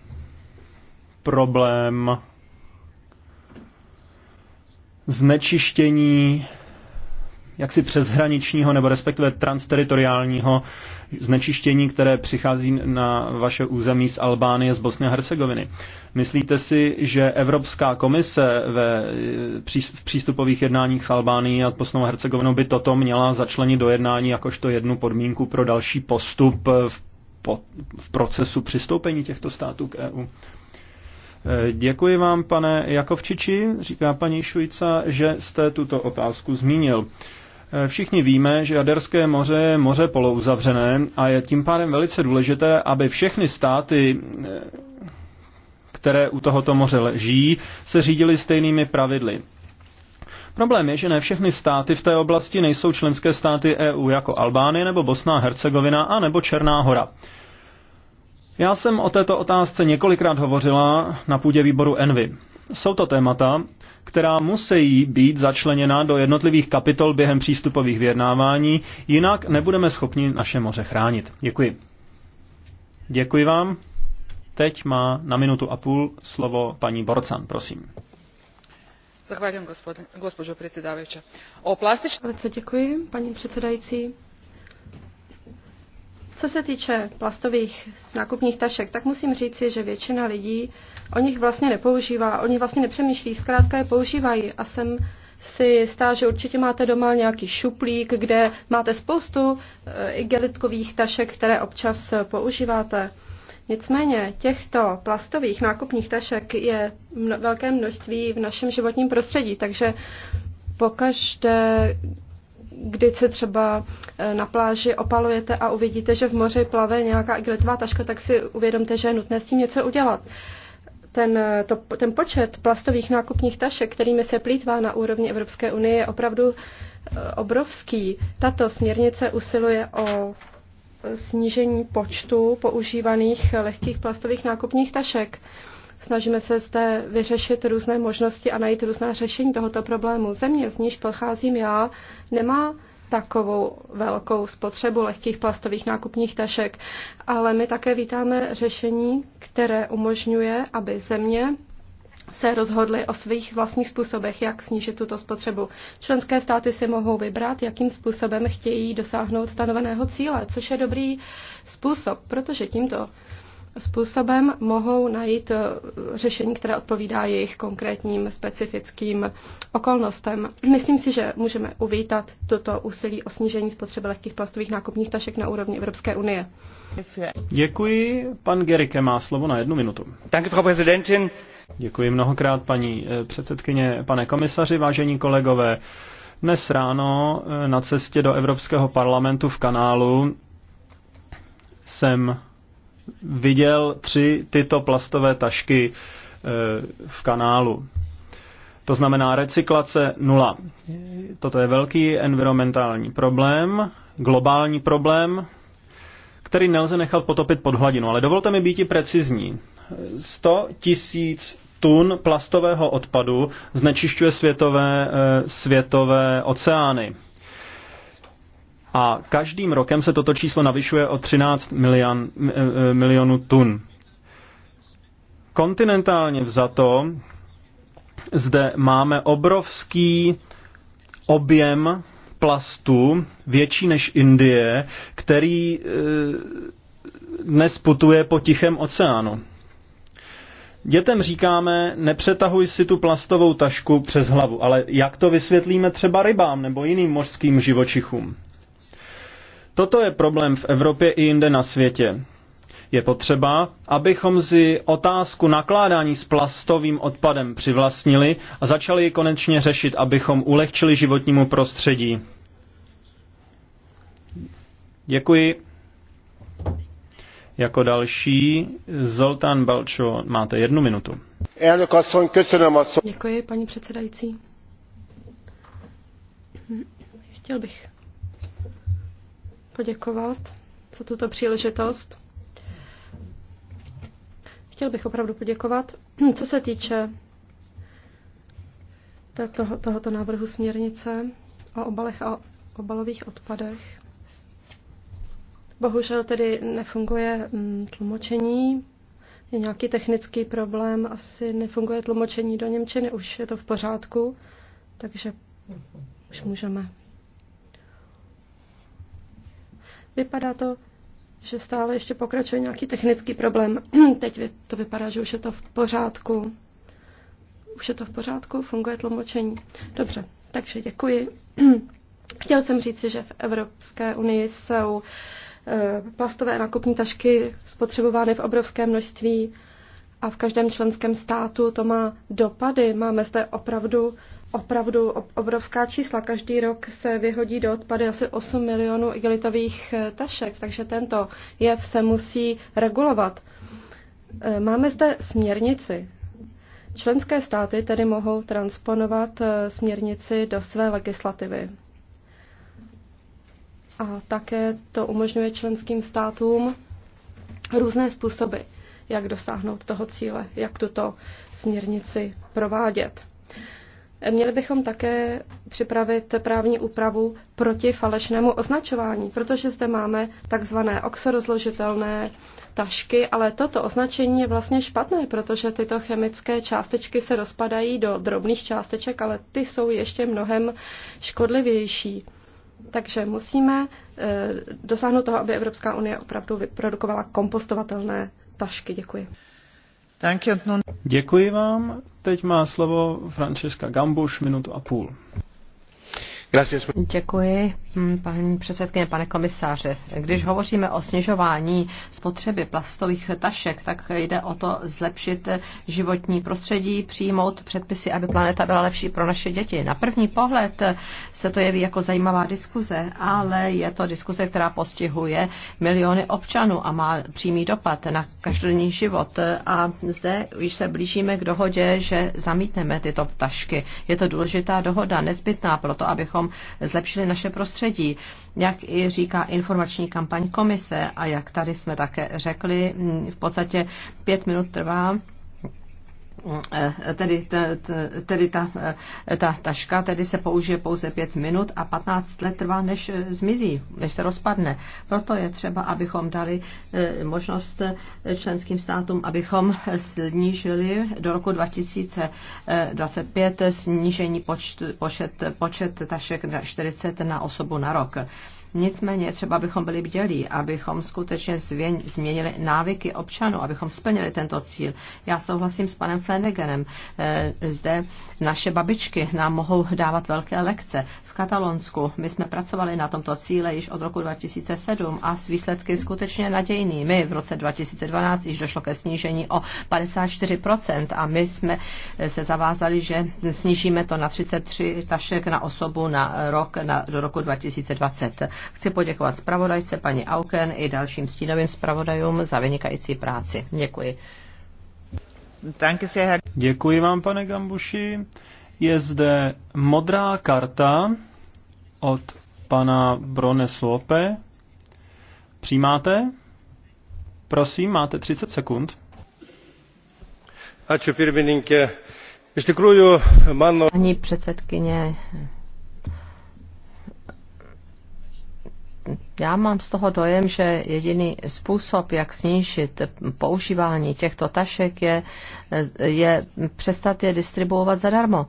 Speaker 6: problém znečištění jaksi přeshraničního nebo respektive transteritoriálního znečištění, které přichází na vaše území z Albánie, z Bosny a Hercegoviny. Myslíte si, že Evropská komise ve, v přístupových jednáních s Albánií a s Bosnou a Hercegovinou by toto měla začlenit do jednání jakožto jednu podmínku pro další postup v, po, v procesu přistoupení těchto států k EU? Děkuji vám, pane Jakovčiči, říká paní Šujca, že jste tuto otázku zmínil. Eh, všichni víme, že Jaderské moře je moře polouzavřené a je tím pádem velice důležité, aby všechny státy, eh, které u tohoto moře leží, se řídily stejnými pravidly. Problém je, že ne všechny státy v té oblasti nejsou členské státy EU jako Albánie nebo Bosna Hercegovina a nebo Černá hora. Já jsem o této otázce několikrát hovořila na půdě výboru Envy. Jsou to témata, která musí být začleněna do jednotlivých kapitol během přístupových vyjednávání, jinak nebudeme schopni naše moře chránit. Děkuji. Děkuji vám. Teď má na minutu a půl slovo paní Borcan, prosím.
Speaker 7: Zahvaljujem, gospođo predsjedavajuća. O plastičnom...
Speaker 5: Děkuji, paní předsedající. Co se týče plastových nákupních tašek, tak musím říci, že většina lidí o nich vlastně nepoužívá, oni vlastně nepřemýšlí, zkrátka je používají a jsem si jistá, že určitě máte doma nějaký šuplík, kde máte spoustu eh, igelitkových tašek, které občas eh, používáte. Nicméně těchto plastových nákupních tašek je mno, velké množství v našem životním prostředí, takže pokaždé, kdy se třeba eh, na pláži opalujete a uvidíte, že v moři plave nějaká igletová taška, tak si uvědomte, že je nutné s tím něco udělat. Ten, eh, to, ten počet plastových nákupních tašek, kterými se plítvá na úrovni Evropské unie, je opravdu eh, obrovský. Tato směrnice usiluje o snížení počtu používaných lehkých plastových nákupních tašek. Snažíme se zde vyřešit různé možnosti a najít různá řešení tohoto problému. Země, z níž pocházím já, nemá takovou velkou spotřebu lehkých plastových nákupních tašek, ale my také vítáme řešení, které umožňuje, aby země se rozhodly o svých vlastních způsobech, jak snížit tuto spotřebu. Členské státy si mohou vybrat, jakým způsobem chtějí dosáhnout stanoveného cíle, což je dobrý způsob, protože tímto způsobem mohou najít eh, řešení, které odpovídá jejich konkrétním specifickým okolnostem. Myslím si, že můžeme uvítat toto úsilí o snížení spotřeby lehkých plastových nákupních tašek na úrovni Evropské unie.
Speaker 6: Děkuji. Pan Gerike má slovo na jednu minutu. Děkuji mnohokrát, paní eh, předsedkyně, pane komisaři, vážení kolegové. Dnes ráno eh, na cestě do Evropského parlamentu v kanálu jsem viděl tři tyto plastové tašky eh, v kanálu. To znamená recyklace nula. Toto je velký environmentální problém, globální problém, který nelze nechat potopit pod hladinu. Ale dovolte mi být i precizní. 100 tisíc tun plastového odpadu znečišťuje světové, eh, světové oceány a každým rokem se toto číslo navyšuje o 13 milion, eh, eh, milionů tun. Kontinentálně vzato zde máme obrovský objem plastu, větší než Indie, který eh, dnes putuje po Tichém oceánu. Dětem říkáme, nepřetahuj si tu plastovou tašku přes hlavu, ale jak to vysvětlíme třeba rybám nebo jiným mořským živočichům? Toto je problém v Evropě i jinde na světě. Je potřeba, abychom si otázku nakládání s plastovým odpadem přivlastnili a začali ji konečně řešit, abychom ulehčili životnímu prostředí. Děkuji. Jako další Zoltán Balčo, máte jednu minutu.
Speaker 5: Děkuji, paní předsedající. Chtěl bych poděkovat za tuto příležitost. Chtěl bych opravdu poděkovat. Co se týče toho, tohoto návrhu směrnice o obalech a obalových odpadech, bohužel tedy nefunguje mm, tlumočení, je nějaký technický problém, asi nefunguje tlumočení do Němčiny, už je to v pořádku, takže už můžeme Vypadá to, že stále ještě pokračuje nějaký technický problém. Teď to vypadá, že už je to v pořádku. Už je to v pořádku, funguje tlumočení. Dobře, takže děkuji. Chtěl jsem říci, že v Evropské unii jsou eh, plastové nakupní tašky spotřebovány v obrovském množství a v každém členském státu to má dopady. Máme zde opravdu opravdu obrovská čísla. Každý rok se vyhodí do odpady asi 8 milionů igelitových eh, tašek, takže tento jev se musí regulovat. Eh, máme zde směrnici. Členské státy tedy mohou transponovat eh, směrnici do své legislativy. A také to umožňuje členským státům různé způsoby, jak dosáhnout toho cíle, jak tuto směrnici provádět. Měli bychom také připravit právní úpravu proti falešnému označování, protože zde máme takzvané oxorozložitelné tašky, ale toto označení je vlastně špatné, protože tyto chemické částečky se rozpadají do drobných částeček, ale ty jsou ještě mnohem škodlivější. Takže musíme eh, dosáhnout toho, aby Evropská unie opravdu vyprodukovala kompostovatelné tašky. Děkuji.
Speaker 6: Děkuji vám. Teď má slovo Francesca Gambuš, minutu a půl.
Speaker 7: Děkuji, Hmm, paní předsedkyně, pane komisáře, když hovoříme o snižování spotřeby plastových tašek, tak jde o to zlepšit životní prostředí, přijmout předpisy, aby planeta byla lepší pro naše děti. Na první pohled se to jeví jako zajímavá diskuze, ale je to diskuze, která postihuje miliony občanů a má přímý dopad na každodenní život. A zde už se blížíme k dohodě, že zamítneme tyto tašky. Je to důležitá dohoda, nezbytná pro to, abychom zlepšili naše prostředí prostředí, jak i říká informační kampaň komise a jak tady jsme také řekli, v podstatě pět minut trvá Eh, tedy, tedy ta, eh, ta taška tedy se použije pouze pět minut a 15 let trvá, než eh, zmizí, než se rozpadne. Proto je třeba, abychom dali možnost členským státům, abychom snížili do roku 2025 snížení počet, počet, počet tašek na 40 na osobu na rok. Nicméně třeba bychom byli bdělí, abychom skutečně zvěň, změnili návyky občanů, abychom splnili tento cíl. Já souhlasím s panem Flanaganem. Eh, zde naše babičky nám mohou dávat velké lekce. V Katalonsku my jsme pracovali na tomto cíle již od roku 2007 a s výsledky skutečně nadějnými. V roce 2012 již došlo ke snížení o 54% a my jsme eh, se zavázali, že snížíme to na 33 tašek na osobu na rok na, do roku 2020. Chci poděkovat zpravodajce paní Auken i dalším stínovým zpravodajům za vynikající práci. Děkuji.
Speaker 6: Děkuji vám, pane Gambuši. Je zde modrá karta od pana Brones Lope. Přijímáte? Prosím, máte 30 sekund. Ačiū pirmininkė. Iš tikrųjų, mano... Pani předsedkyně,
Speaker 7: já mám z toho dojem, že jediný způsob, jak snížit používání těchto tašek, je, je přestat je distribuovat zadarmo.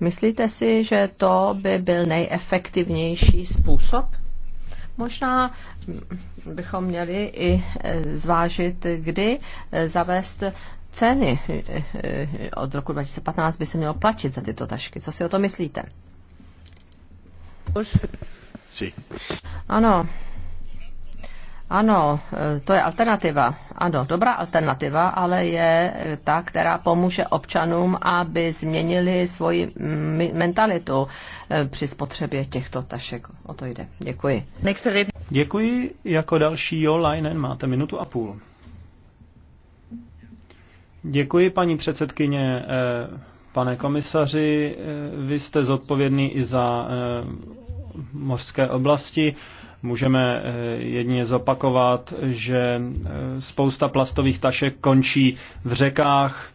Speaker 7: Myslíte si, že to by byl nejefektivnější způsob? Možná bychom měli i e, zvážit, kdy e, zavést ceny. E, od roku 2015 by se mělo platit za tyto tašky. Co si o to myslíte? Sí. Ano. Ano, eh, to je alternativa. Ano, dobrá alternativa, ale je eh, ta, která pomůže občanům, aby změnili svoji mm, mentalitu eh, při spotřebě těchto tašek. O to jde. Děkuji. Děkuji. Jako další
Speaker 6: Jo Leinen máte minutu a půl. Děkuji, paní předsedkyně. Pane komisaři, vy jste zodpovědný i za mořské oblasti. Můžeme eh, jedině zopakovat, že eh, spousta plastových tašek končí v řekách,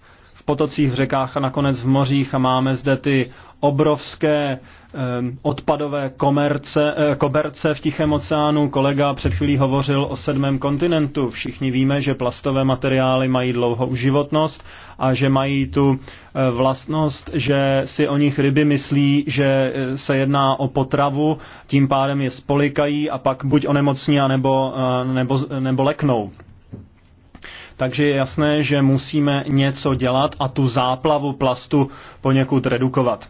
Speaker 6: potocích, v řekách a nakonec v mořích a máme zde ty obrovské eh, odpadové komerce, eh, koberce v Tichém oceánu. Kolega před chvílí hovořil o sedmém kontinentu. Všichni víme, že plastové materiály mají dlouhou životnost a že mají tu eh, vlastnost, že si o nich ryby myslí, že eh, se jedná o potravu, tím pádem je spolikají a pak buď onemocní, anebo, eh, nebo, nebo leknou. Takže je jasné, že musíme něco dělat a tu záplavu plastu poněkud redukovat.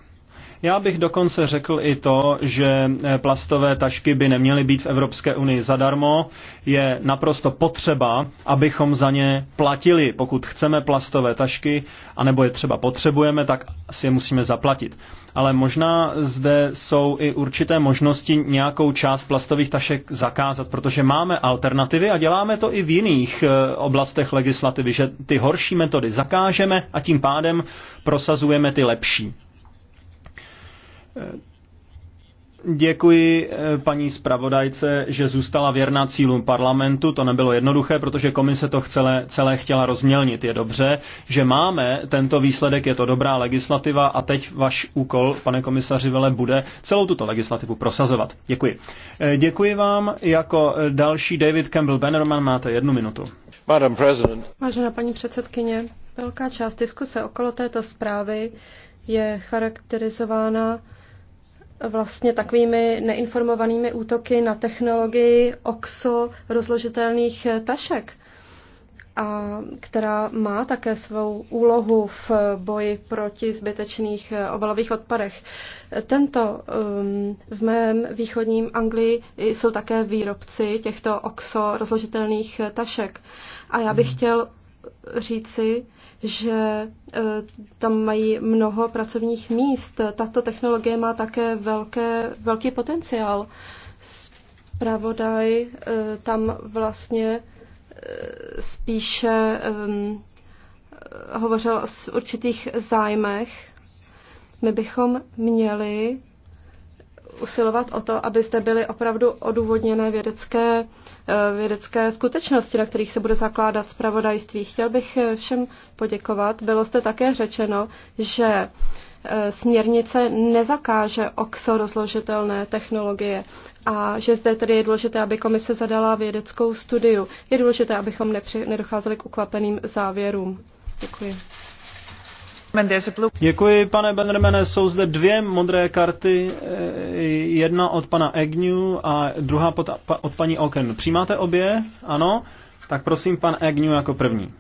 Speaker 6: Já bych dokonce řekl i to, že eh, plastové tašky by neměly být v Evropské unii zadarmo. Je naprosto potřeba, abychom za ně platili. Pokud chceme plastové tašky, anebo je třeba potřebujeme, tak si je musíme zaplatit. Ale možná zde jsou i určité možnosti nějakou část plastových tašek zakázat, protože máme alternativy a děláme to i v jiných eh, oblastech legislativy, že ty horší metody zakážeme a tím pádem prosazujeme ty lepší. Děkuji eh, paní zpravodajce, že zůstala věrná cílům parlamentu. To nebylo jednoduché, protože komise to celé, celé chtěla rozmělnit. Je dobře, že máme tento výsledek, je to dobrá legislativa a teď váš úkol, pane komisaři Vele, bude celou tuto legislativu prosazovat. Děkuji. Eh, děkuji vám. Jako eh, další David Campbell Bannerman máte jednu minutu. Madam President.
Speaker 5: Vážená paní předsedkyně, velká část diskuse okolo této zprávy je charakterizována vlastně takovými neinformovanými útoky na technologii OXO rozložitelných eh, tašek, a která má také svou úlohu v boji proti zbytečných eh, obalových odpadech. Tento ehm, v mém východním Anglii jsou také výrobci těchto OXO rozložitelných eh, tašek. A já bych mhm. chtěl říci, že e, tam mají mnoho pracovních míst. Tato technologie má také velké, velký potenciál. Spravodaj e, tam vlastně e, spíše hovořil o určitých zájmech. My bychom měli usilovat o to, abyste byli byly opravdu odůvodněné vědecké, eh, vědecké skutečnosti, na kterých se bude zakládat zpravodajství. Chtěl bych eh, všem poděkovat. Bylo jste také řečeno, že eh, směrnice nezakáže rozložitelné technologie a že zde tedy je důležité, aby komise zadala vědeckou studiu. Je důležité, abychom nepři- nedocházeli k ukvapeným závěrům. Děkuji.
Speaker 6: Děkuji, pane Benremene. Jsou zde dvě modré karty, eh, jedna od pana Egnu a druhá pod, od paní Oken. Přijímáte obě? Ano? Tak prosím, pan Egnu jako první.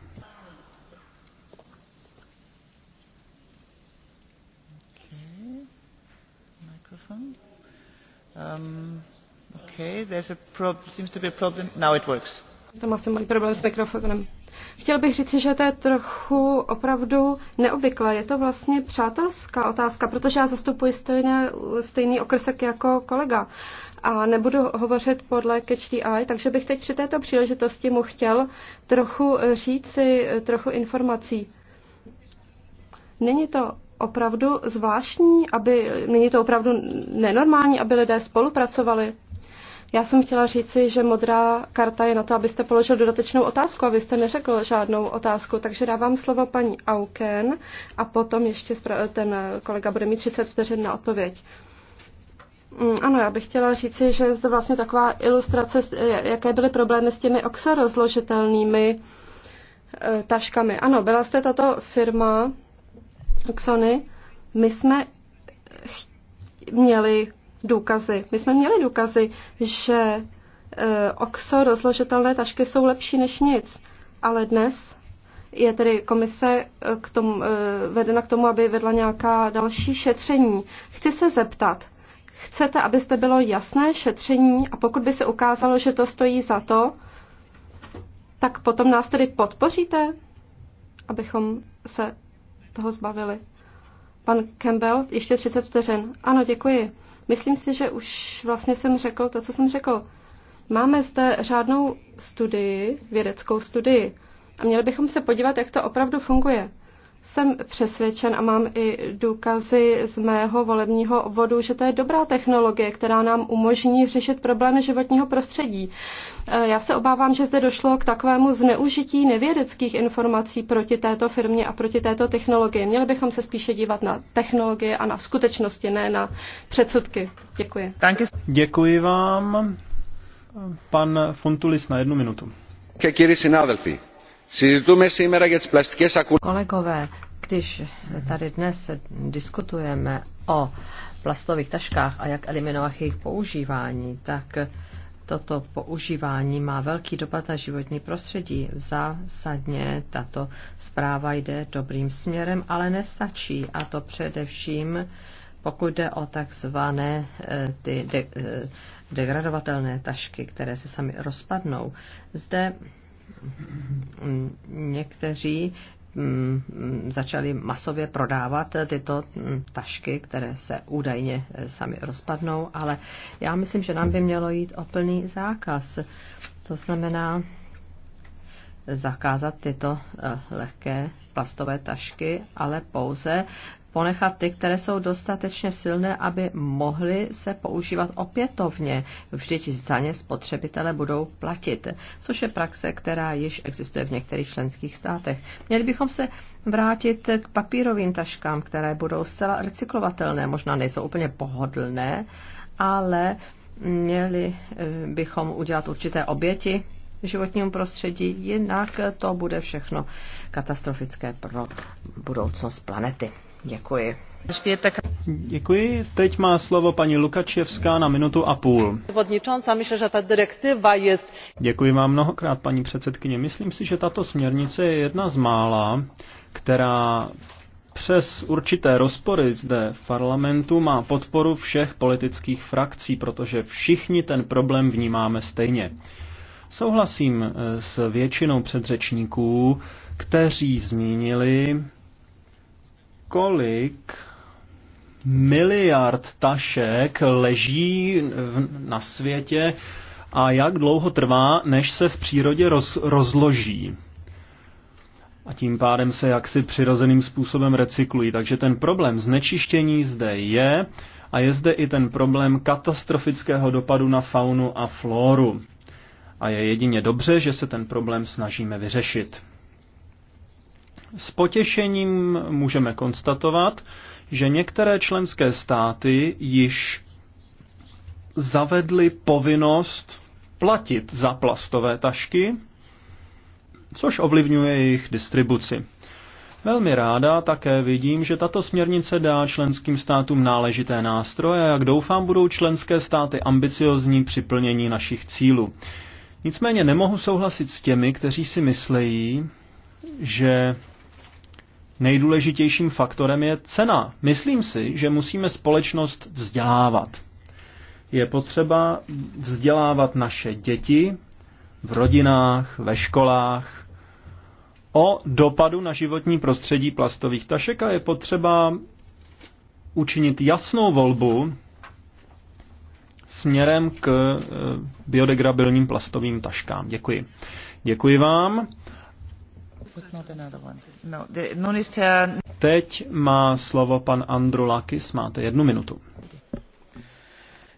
Speaker 3: Um, okay, there's to
Speaker 5: Tam asi mají problém s mikrofonem. Chtěl bych říct, že to je trochu opravdu neobvyklé. Je to vlastně přátelská otázka, protože já zastupuji stejně, stejný okrsek jako kolega a nebudu hovořit podle Catch the Eye, takže bych teď při této příležitosti mu chtěl trochu říci trochu informací. Není to opravdu zvláštní, aby, není to opravdu nenormální, aby lidé spolupracovali já jsem chtěla říci, že modrá karta je na to, abyste položil dodatečnou otázku, abyste neřekl žádnou otázku, takže dávám slovo paní Auken a potom ještě ten kolega bude mít 30 vteřin na odpověď. Mm, ano, já bych chtěla říci, že zde vlastně taková ilustrace, eh, jaké byly problémy s těmi oxorozložitelnými eh, taškami. Ano, byla jste tato firma Oxony. My jsme měli důkazy. My jsme měli důkazy, že eh, OXO rozložitelné tašky jsou lepší než nic, ale dnes je tedy komise eh, k tomu, eh, vedena k tomu, aby vedla nějaká další šetření. Chci se zeptat, chcete, abyste bylo jasné šetření a pokud by se ukázalo, že to stojí za to, tak potom nás tedy podpoříte, abychom se toho zbavili. Pan Campbell, ještě 30 vteřin. Ano, děkuji. Myslím si, že už vlastně jsem řekl to, co jsem řekl. Máme zde řádnou studii, vědeckou studii a měli bychom se podívat, jak to opravdu funguje. Jsem přesvědčen a mám i důkazy z mého volebního obvodu, že to je dobrá technologie, která nám umožní řešit problémy životního prostředí. E, já se obávám, že zde došlo k takovému zneužití nevědeckých informací proti této firmě a proti této technologii. Měli bychom se spíše dívat na technologie a na skutečnosti, ne na předsudky. Děkuji.
Speaker 6: Děkuji vám. Pan Fontulis na jednu minutu.
Speaker 3: Kyrie synádελφοι, Kolegové,
Speaker 7: když tady dnes diskutujeme o plastových taškách a jak eliminovat jejich používání, tak toto používání má velký dopad na životní prostředí. Zásadně tato zpráva jde dobrým směrem, ale nestačí. A to především, pokud jde o takzvané eh, ty de- eh, degradovatelné tašky, které se sami rozpadnou. Zde někteří mm, začali masově prodávat tyto mm, tašky, které se údajně eh, sami rozpadnou, ale já myslím, že nám by mělo jít o plný zákaz. To znamená zakázat tyto eh, lehké plastové tašky, ale pouze ponechat ty, které jsou dostatečně silné, aby mohly se používat opětovně. Vždyť za ně spotřebitele budou platit, což je praxe, která již existuje v některých členských státech. Měli bychom se vrátit k papírovým taškám, které budou zcela recyklovatelné, možná nejsou úplně pohodlné, ale měli eh, bychom udělat určité oběti životnímu prostředí, jinak to bude všechno katastrofické pro
Speaker 6: budoucnost planety. Děkuji. Děkuji. Teď má slovo paní Lukačevská na minutu a půl. Děkuji vám mnohokrát, paní předsedkyně. Myslím si, že tato směrnice je jedna z mála, která přes určité rozpory zde v parlamentu má podporu všech politických frakcí, protože všichni ten problém vnímáme stejně. Souhlasím eh, s většinou předřečníků, kteří zmínili, kolik miliard tašek leží na světě a jak dlouho trvá, než se v přírodě roz, rozloží. A tím pádem se jaksi přirozeným způsobem recyklují. Takže ten problém znečištění zde je a je zde i ten problém katastrofického dopadu na faunu a floru. A je jedině dobře, že se ten problém snažíme vyřešit. S potěšením můžeme konstatovat, že některé členské státy již zavedly povinnost platit za plastové tašky, což ovlivňuje jejich distribuci. Velmi ráda také vidím, že tato směrnice dá členským státům náležité nástroje a jak doufám budou členské státy ambiciozní při plnění našich cílů. Nicméně nemohu souhlasit s těmi, kteří si myslejí, že nejdůležitějším faktorem je cena. Myslím si, že musíme společnost vzdělávat. Je potřeba vzdělávat naše děti v rodinách, ve školách o dopadu na životní prostředí plastových tašek a je potřeba učinit jasnou volbu směrem k eh, biodegradabilním plastovým taškám. Děkuji. Děkuji vám. No, Teď má slovo pan Andru Lakis, máte jednu minutu.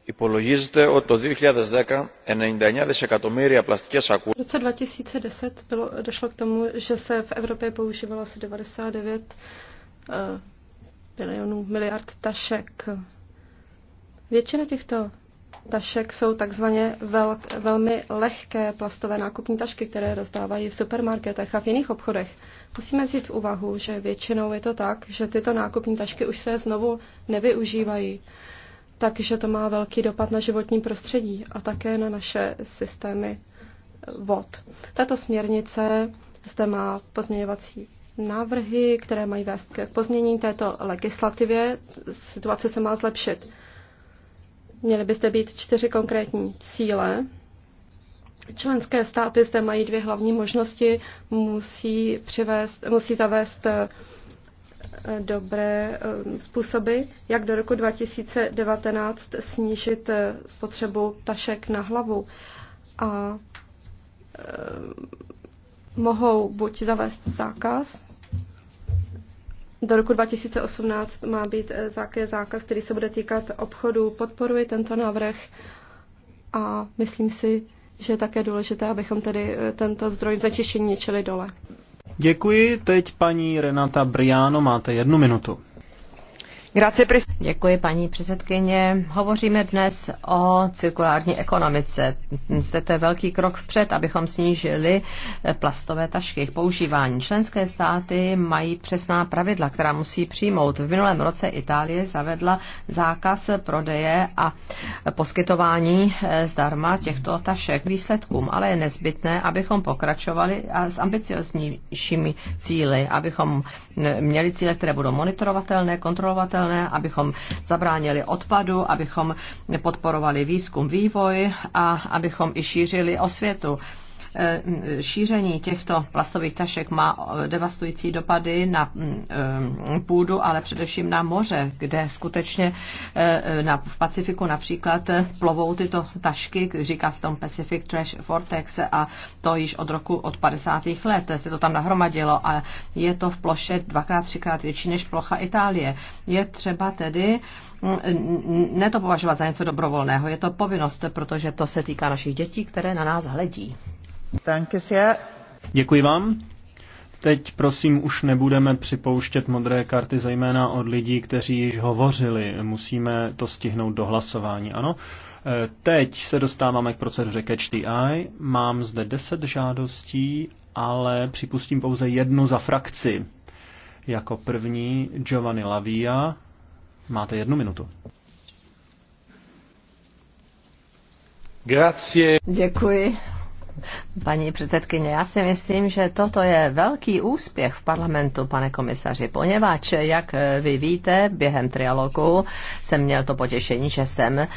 Speaker 2: Υπολογίζεται ότι το 2010 99 δισεκατομμύρια πλαστικές σακούλες...
Speaker 5: V roce 2010 bylo, došlo k tomu, že se v Evropě používalo asi 99 uh, eh, bilionů miliard tašek. Většina těchto tašek jsou takzvaně velk, velmi lehké plastové nákupní tašky, které rozdávají v supermarketech a v jiných obchodech. Musíme vzít v úvahu, že většinou je to tak, že tyto nákupní tašky už se znovu nevyužívají. Takže to má velký dopad na životní prostředí a také na naše systémy vod. Tato směrnice zde má pozměňovací návrhy, které mají vést k pozměnění této legislativě. Situace se má zlepšit. Měly by zde být čtyři konkrétní cíle. Členské státy zde mají dvě hlavní možnosti. Musí, přivést, musí zavést eh, dobré eh, způsoby, jak do roku 2019 snížit eh, spotřebu tašek na hlavu. A mohou buď zavést zákaz do roku 2018 má být zákaz, eh, zákaz, který se bude týkat obchodu. Podporuji tento návrh a myslím si, že je také důležité, abychom tedy eh, tento zdroj začištění čili dole.
Speaker 6: Děkuji. Teď paní Renata Briano, máte jednu minutu.
Speaker 7: Děkuji, paní předsedkyně. Hovoříme dnes o cirkulární ekonomice. Zde to je velký krok vpřed, abychom snížili eh, plastové tašky, jejich používání. Členské státy mají přesná pravidla, která musí přijmout. V minulém roce Itálie zavedla zákaz prodeje a poskytování eh, zdarma těchto tašek výsledkům, ale je nezbytné, abychom pokračovali a s ambicioznějšími cíly, abychom eh, měli cíle, které budou monitorovatelné, kontrolovatelné, udržitelné, abychom zabránili odpadu, abychom podporovali výzkum, vývoj a abychom i šířili osvětu. Eh, šíření těchto plastových tašek má eh, devastující dopady na mm, eh, půdu, ale především na moře, kde skutečně na, v Pacifiku například plovou tyto tašky, říká se tomu Pacific Trash Vortex a to již od roku od 50. let se to tam nahromadilo a je to v ploše dvakrát, třikrát větší než plocha Itálie. Je třeba tedy mm, ne to považovat za něco dobrovolného, je to povinnost, protože to se týká našich dětí, které na nás hledí.
Speaker 6: Děkuji vám. Teď prosím už nebudeme připouštět modré karty, zejména od lidí, kteří již hovořili. Musíme to stihnout do hlasování, ano? Eh, teď se dostáváme k proceduře Catch the Eye. Mám zde 10 žádostí, ale připustím pouze jednu za frakci. Jako první Giovanni Lavia. Máte jednu minutu.
Speaker 2: Grazie.
Speaker 6: Děkuji, paní
Speaker 7: předsedkyně. Já si myslím, že toto je velký úspěch v parlamentu, pane komisaři, poněvadž, jak vy víte, během trialogu jsem měl to potěšení, že jsem eh,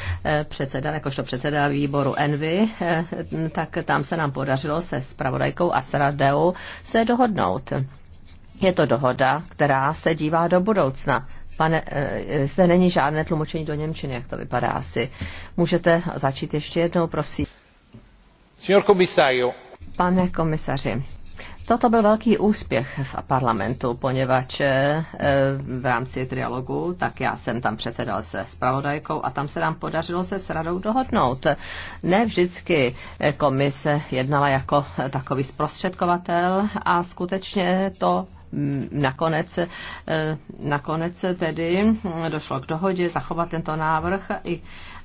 Speaker 7: předseda, jakožto předseda výboru Envy, eh, tak tam se nám podařilo se spravodajkou a s radou se dohodnout. Je to dohoda, která se dívá do budoucna. Pane, eh, zde není žádné tlumočení do Němčiny, jak to vypadá asi. Můžete začít ještě jednou, prosím. Pane komisaři, Toto byl velký úspěch v parlamentu, poněvadž eh, v rámci trialogu, tak já jsem tam předsedal se spravodajkou a tam se nám podařilo se s radou dohodnout. Ne vždycky eh, komise jednala jako eh, takový zprostředkovatel a skutečně to mm, nakonec, nakonec tedy hm, došlo k dohodě zachovat tento návrh i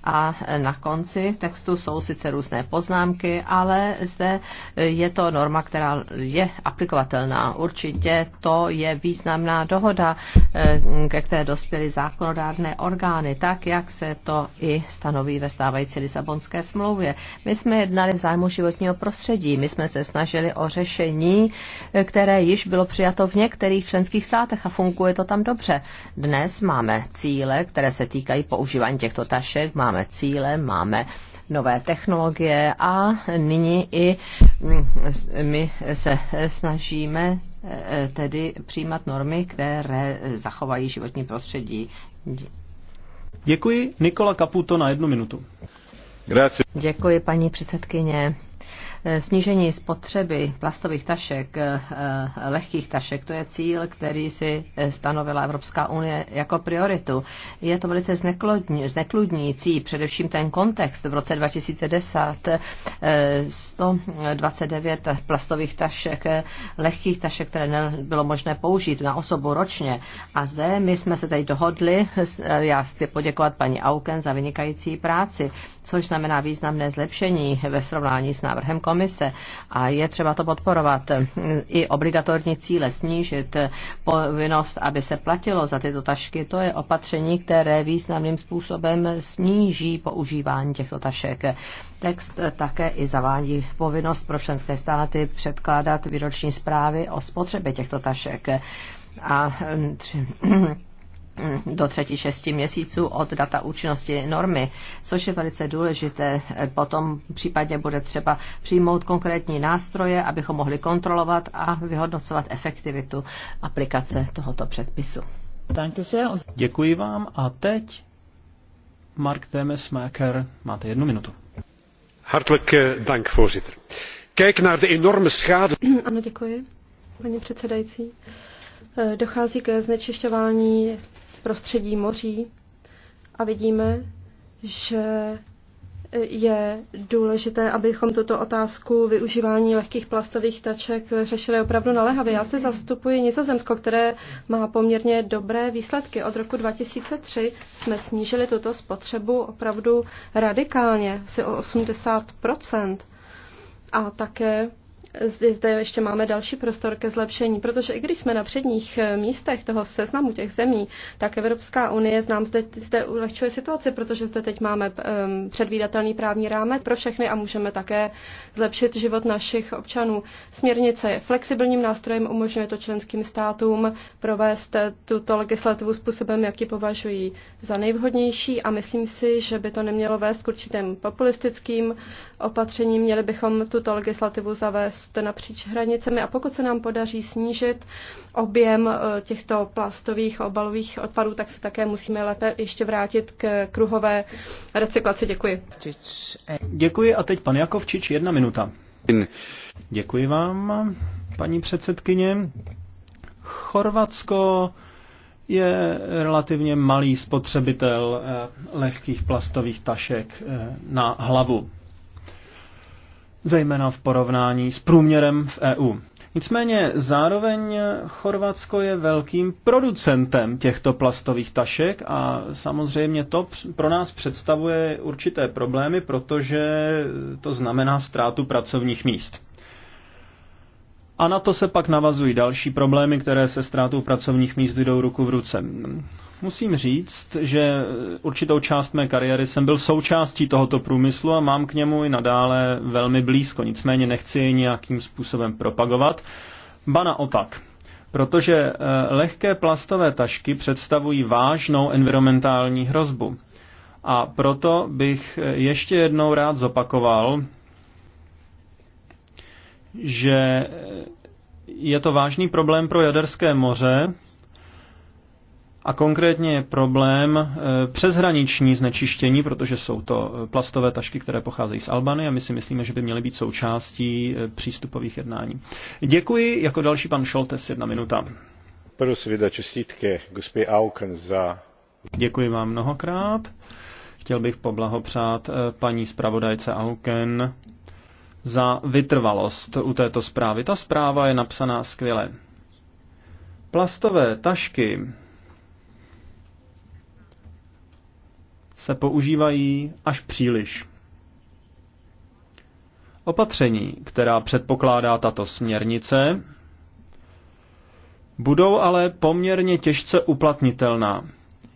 Speaker 7: a na konci textu jsou sice různé poznámky, ale zde je to norma, která je aplikovatelná. Určitě to je významná dohoda, eh, ke které dospěly zákonodárné orgány, tak jak se to i stanoví ve stávající Lisabonské smlouvě. My jsme jednali v zájmu životního prostředí, my jsme se snažili o řešení, eh, které již bylo přijato v některých členských státech a funguje to tam dobře. Dnes máme cíle, které se týkají používání těchto tašek, máme máme cíle, máme nové technologie a nyní i my se snažíme eh, tedy přijímat normy, které
Speaker 6: zachovají životní prostředí. Děkuji. Nikola Kaputo na jednu minutu. Grazie.
Speaker 7: Děkuji, paní předsedkyně. Eh, snížení spotřeby plastových tašek, eh, eh, lehkých tašek, to je cíl, který si stanovila Evropská unie jako prioritu. Je to velice znekludnící, především ten kontext. V roce 2010 129 plastových tašek, lehkých tašek, které bylo možné použít na osobu ročně. A zde my jsme se tady dohodli, já chci poděkovat paní Auken za vynikající práci, což znamená významné zlepšení ve srovnání s návrhem komise komise a je třeba to podporovat. I obligatorní cíle snížit povinnost, aby se platilo za tyto tašky, to je opatření, které významným způsobem sníží používání těchto tašek. Text také i zavádí povinnost pro členské státy předkládat výroční zprávy o spotřebě těchto tašek. A tři, do třetí 6 měsíců od data účinnosti normy, což je velice důležité. Potom případně bude třeba přijmout konkrétní nástroje, abychom mohli kontrolovat a vyhodnocovat efektivitu aplikace tohoto
Speaker 6: předpisu. Děkuji vám a teď Mark Demesmaker, máte jednu minutu. Hartelijk eh, dank, voorzitter. Kijk naar de enorme schade.
Speaker 5: Ano, děkuji, paní předsedající. Eh, dochází ke znečišťování prostředí moří a vidíme, že je důležité, abychom tuto otázku využívání lehkých plastových taček řešili opravdu naléhavě. Já se zastupuji Nizozemsko, které má poměrně dobré výsledky. Od roku 2003 jsme snížili tuto spotřebu opravdu radikálně, asi o 80 A také zde, zde ještě máme další prostor ke zlepšení, protože i když jsme na předních eh, místech toho seznamu těch zemí, tak Evropská unie znám zde, zde ulehčuje situaci, protože zde teď máme um, předvídatelný právní rámec pro všechny a můžeme také zlepšit život našich občanů. Směrnice je flexibilním nástrojem, umožňuje to členským státům provést eh, tuto legislativu způsobem, jaký považují za nejvhodnější a myslím si, že by to nemělo vést k určitým populistickým opatřením. Měli bychom tuto legislativu zavést růst napříč hranicemi a pokud se nám podaří snížit objem eh, těchto plastových obalových odpadů, tak se také musíme lépe ještě vrátit k kruhové recyklaci. Děkuji.
Speaker 6: Děkuji a teď pan Jakovčič, jedna minuta. Děkuji vám, paní předsedkyně. Chorvatsko je relativně malý spotřebitel eh, lehkých plastových tašek eh, na hlavu zejména v porovnání s průměrem v EU. Nicméně zároveň Chorvatsko je velkým producentem těchto plastových tašek a samozřejmě to pro nás představuje určité problémy, protože to znamená ztrátu pracovních míst. A na to se pak navazují další problémy, které se ztrátou pracovních míst jdou ruku v ruce. Musím říct, že určitou část mé kariéry jsem byl součástí tohoto průmyslu a mám k němu i nadále velmi blízko, nicméně nechci jej nějakým způsobem propagovat. Ba naopak, protože eh, lehké plastové tašky představují vážnou environmentální hrozbu. A proto bych eh, ještě jednou rád zopakoval, že eh, je to vážný problém pro Jaderské moře, a konkrétně je problém eh, přeshraniční znečištění, protože jsou to eh, plastové tašky, které pocházejí z Albany a my si myslíme, že by měly být součástí eh, přístupových jednání. Děkuji. Jako další pan Šoltes, jedna minuta.
Speaker 2: Prvo seveda čestitke gospě Auken za...
Speaker 6: Děkuji vám mnohokrát. Chtěl bych poblahopřát paní zpravodajce Auken za vytrvalost u této zprávy. Ta zpráva je napsaná skvěle. Plastové tašky se používají až příliš. Opatření, která předpokládá tato směrnice, budou ale poměrně těžce uplatnitelná.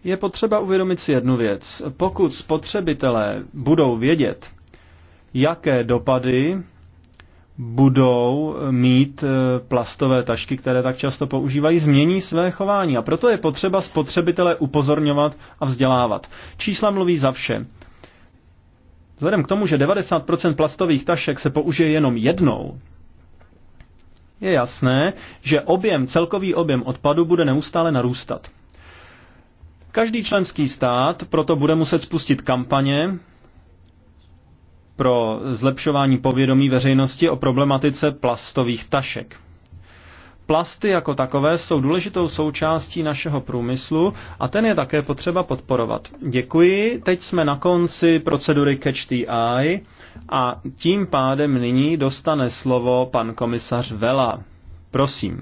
Speaker 6: Je potřeba uvědomit si jednu věc. Pokud spotřebitelé budou vědět, jaké dopady budou mít eh, plastové tašky, které tak často používají, změní své chování. A proto je potřeba spotřebitele upozorňovat a vzdělávat. Čísla mluví za vše. Vzhledem k tomu, že 90% plastových tašek se použije jenom jednou, je jasné, že objem, celkový objem odpadu bude neustále narůstat. Každý členský stát proto bude muset spustit kampaně, pro zlepšování povědomí veřejnosti o problematice plastových tašek. Plasty jako takové jsou důležitou součástí našeho průmyslu a ten je také potřeba podporovat. Děkuji, teď jsme na konci procedury Catch the Eye a tím pádem nyní dostane slovo pan komisař Vela. Prosím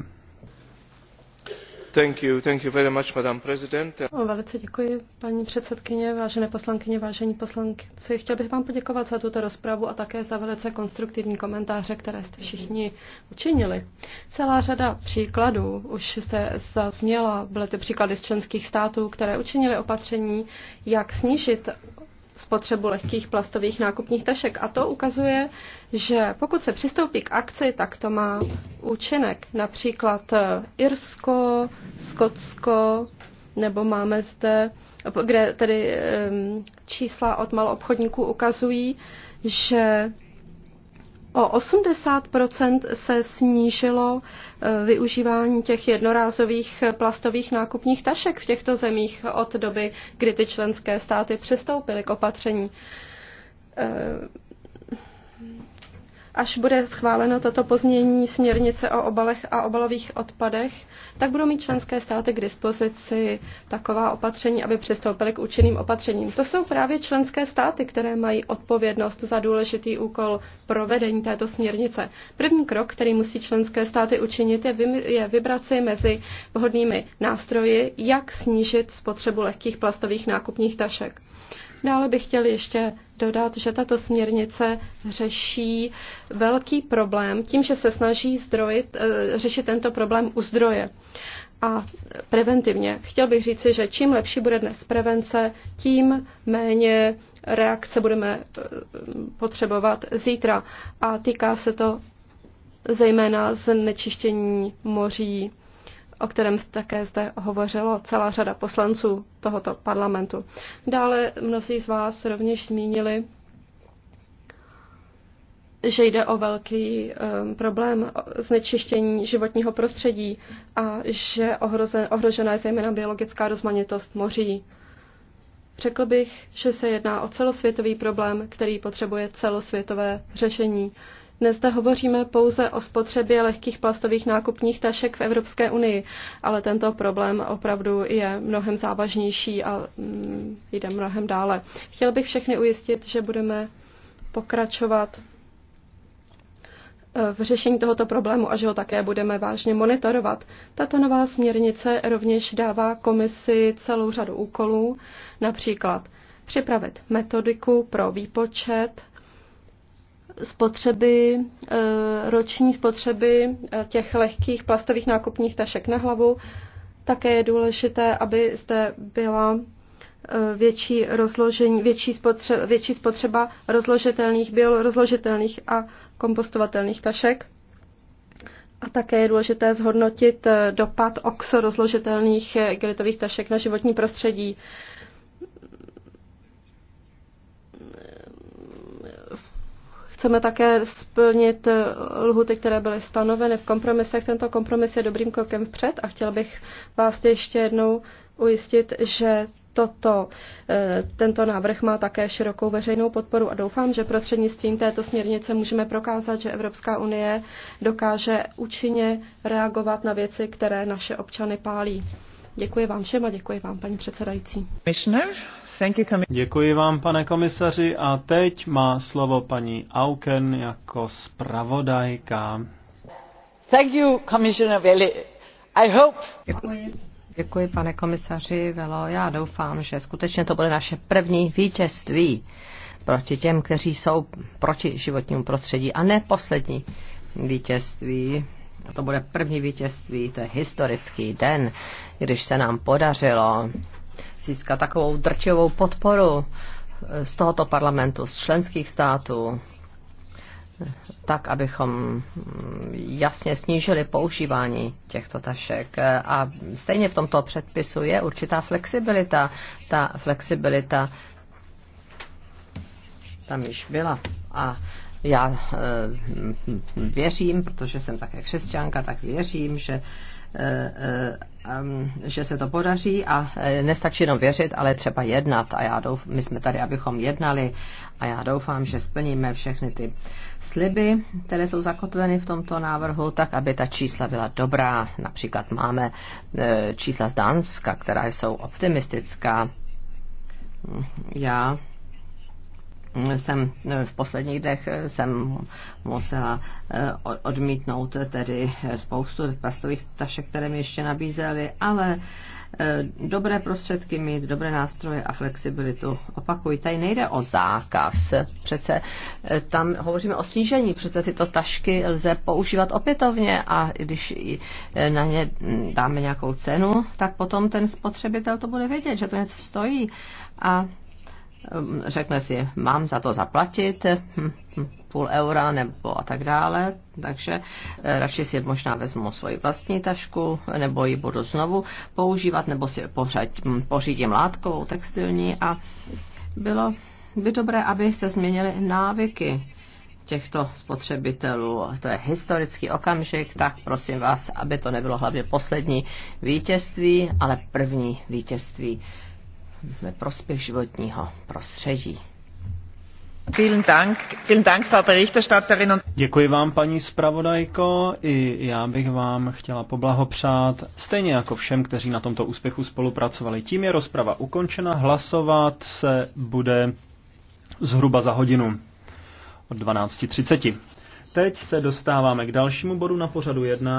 Speaker 5: velice děkuji, paní předsedkyně, vážené poslankyně, vážení poslanci. Chtěl bych vám poděkovat za tuto rozpravu a také za velice konstruktivní komentáře, které jste všichni učinili. Celá řada příkladů už jste zazněla, byly ty příklady z členských států, které učinili opatření, jak snížit spotřebu lehkých plastových nákupních tašek. A to ukazuje, že pokud se přistoupí k akci, tak to má účinek. Například e, Irsko, Skotsko, nebo máme zde, kde tedy e, čísla od maloobchodníků ukazují, že O 80 se snížilo eh, využívání těch jednorázových plastových nákupních tašek v těchto zemích od doby, kdy ty členské státy přistoupily k opatření eh, až bude schváleno toto pozměnění směrnice o obalech a obalových odpadech, tak budou mít členské státy k dispozici taková opatření, aby přistoupily k účinným opatřením. To jsou právě členské státy, které mají odpovědnost za důležitý úkol provedení této směrnice. První krok, který musí členské státy učinit, je, je vybrat si mezi vhodnými nástroji, jak snížit spotřebu lehkých plastových nákupních tašek. Dále bych chtěl ještě dodat, že tato směrnice řeší velký problém tím, že se snaží zdrojit, eh, řešit tento problém u zdroje. A preventivně. Chtěl bych říci, že čím lepší bude dnes prevence, tím méně reakce budeme eh, potřebovat zítra. A týká se to zejména znečištění moří o kterém také zde hovořilo celá řada poslanců tohoto parlamentu. Dále mnozí z vás rovněž zmínili, že jde o velký um, problém znečištění životního prostředí a že ohrozen, ohrožená je zejména biologická rozmanitost moří. Řekl bych, že se jedná o celosvětový problém, který potřebuje celosvětové řešení. Uh, dnes zde hovoříme pouze o spotřebě lehkých plastových nákupních tašek v Evropské unii, ale tento problém opravdu je mnohem závažnější a mm, jde mnohem dále. Chtěl bych všechny ujistit, že budeme pokračovat eh, v řešení tohoto problému a že ho také budeme vážně monitorovat. Tato nová směrnice rovněž dává komisi celou řadu úkolů, například připravit metodiku pro výpočet spotřeby, eh, roční spotřeby eh, těch lehkých plastových nákupních tašek na hlavu. Také je důležité, aby zde byla eh, větší, rozložení, větší, spotřeba, větší spotřeba rozložitelných, biorozložitelných a kompostovatelných tašek. A také je důležité zhodnotit dopad oxorozložitelných gelitových tašek na životní prostředí. Chceme také splnit eh, lhuty, které byly stanoveny v kompromisech. Tento kompromis je dobrým krokem vpřed a chtěl bych vás ještě jednou ujistit, že toto, eh, tento návrh má také širokou veřejnou podporu a doufám, že prostřednictvím této směrnice můžeme prokázat, že Evropská unie dokáže účinně reagovat na věci, které naše občany pálí. Děkuji vám všem a děkuji vám, paní předsedající.
Speaker 6: Děkuji vám, pane komisaři, a teď má slovo paní Auken jako zpravodajka.
Speaker 3: Thank you, Commissioner I hope... Děkuji.
Speaker 6: Děkuji,
Speaker 7: pane komisaři Velo. Já doufám, že skutečně to bude naše první vítězství proti těm, kteří jsou proti životnímu prostředí a ne poslední vítězství. A to bude první vítězství, to je historický den, když se nám podařilo získá takovou drčovou podporu eh, z tohoto parlamentu, z členských států, eh, tak, abychom mm, jasně snížili používání těchto tašek. Eh, a stejně v tomto předpisu je určitá flexibilita. Ta flexibilita tam již byla. A já věřím, protože jsem také křesťanka, tak věřím, že Eh, eh, eh, že se to podaří a nestačí jenom věřit, ale třeba jednat. A já douf, my jsme tady, abychom jednali a já doufám, že splníme všechny ty sliby, které jsou zakotveny v tomto návrhu, tak aby ta čísla byla dobrá. Například máme čísla z Dánska, která jsou optimistická. Já jsem v posledních dnech jsem musela eh, odmítnout tedy spoustu plastových tašek, které mi ještě nabízely, ale eh, dobré prostředky mít, dobré nástroje a flexibilitu. Opakuj, tady nejde o zákaz. Přece eh, tam hovoříme o snížení. Přece tyto tašky lze používat opětovně a když na ně dáme nějakou cenu, tak potom ten spotřebitel to bude vědět, že to něco stojí. A Ehm, řekne si, mám za to zaplatit hm, hm, půl eura nebo a tak dále, takže eh, radši si možná vezmu svoji vlastní tašku, nebo ji budu znovu používat, nebo si pořad, hm, pořídím látkovou textilní a bylo by dobré, aby se změnily návyky těchto spotřebitelů. To je historický okamžik, tak prosím vás, aby to nebylo hlavně poslední vítězství, ale první vítězství ve prospěch životního prostředí.
Speaker 6: Děkuji vám, paní zpravodajko, i já bych vám chtěla poblahopřát, stejně jako všem, kteří na tomto úspěchu spolupracovali. Tím je rozprava ukončena, hlasovat se bude zhruba za hodinu od 12.30. Teď se dostáváme k dalšímu bodu na pořadu jednání.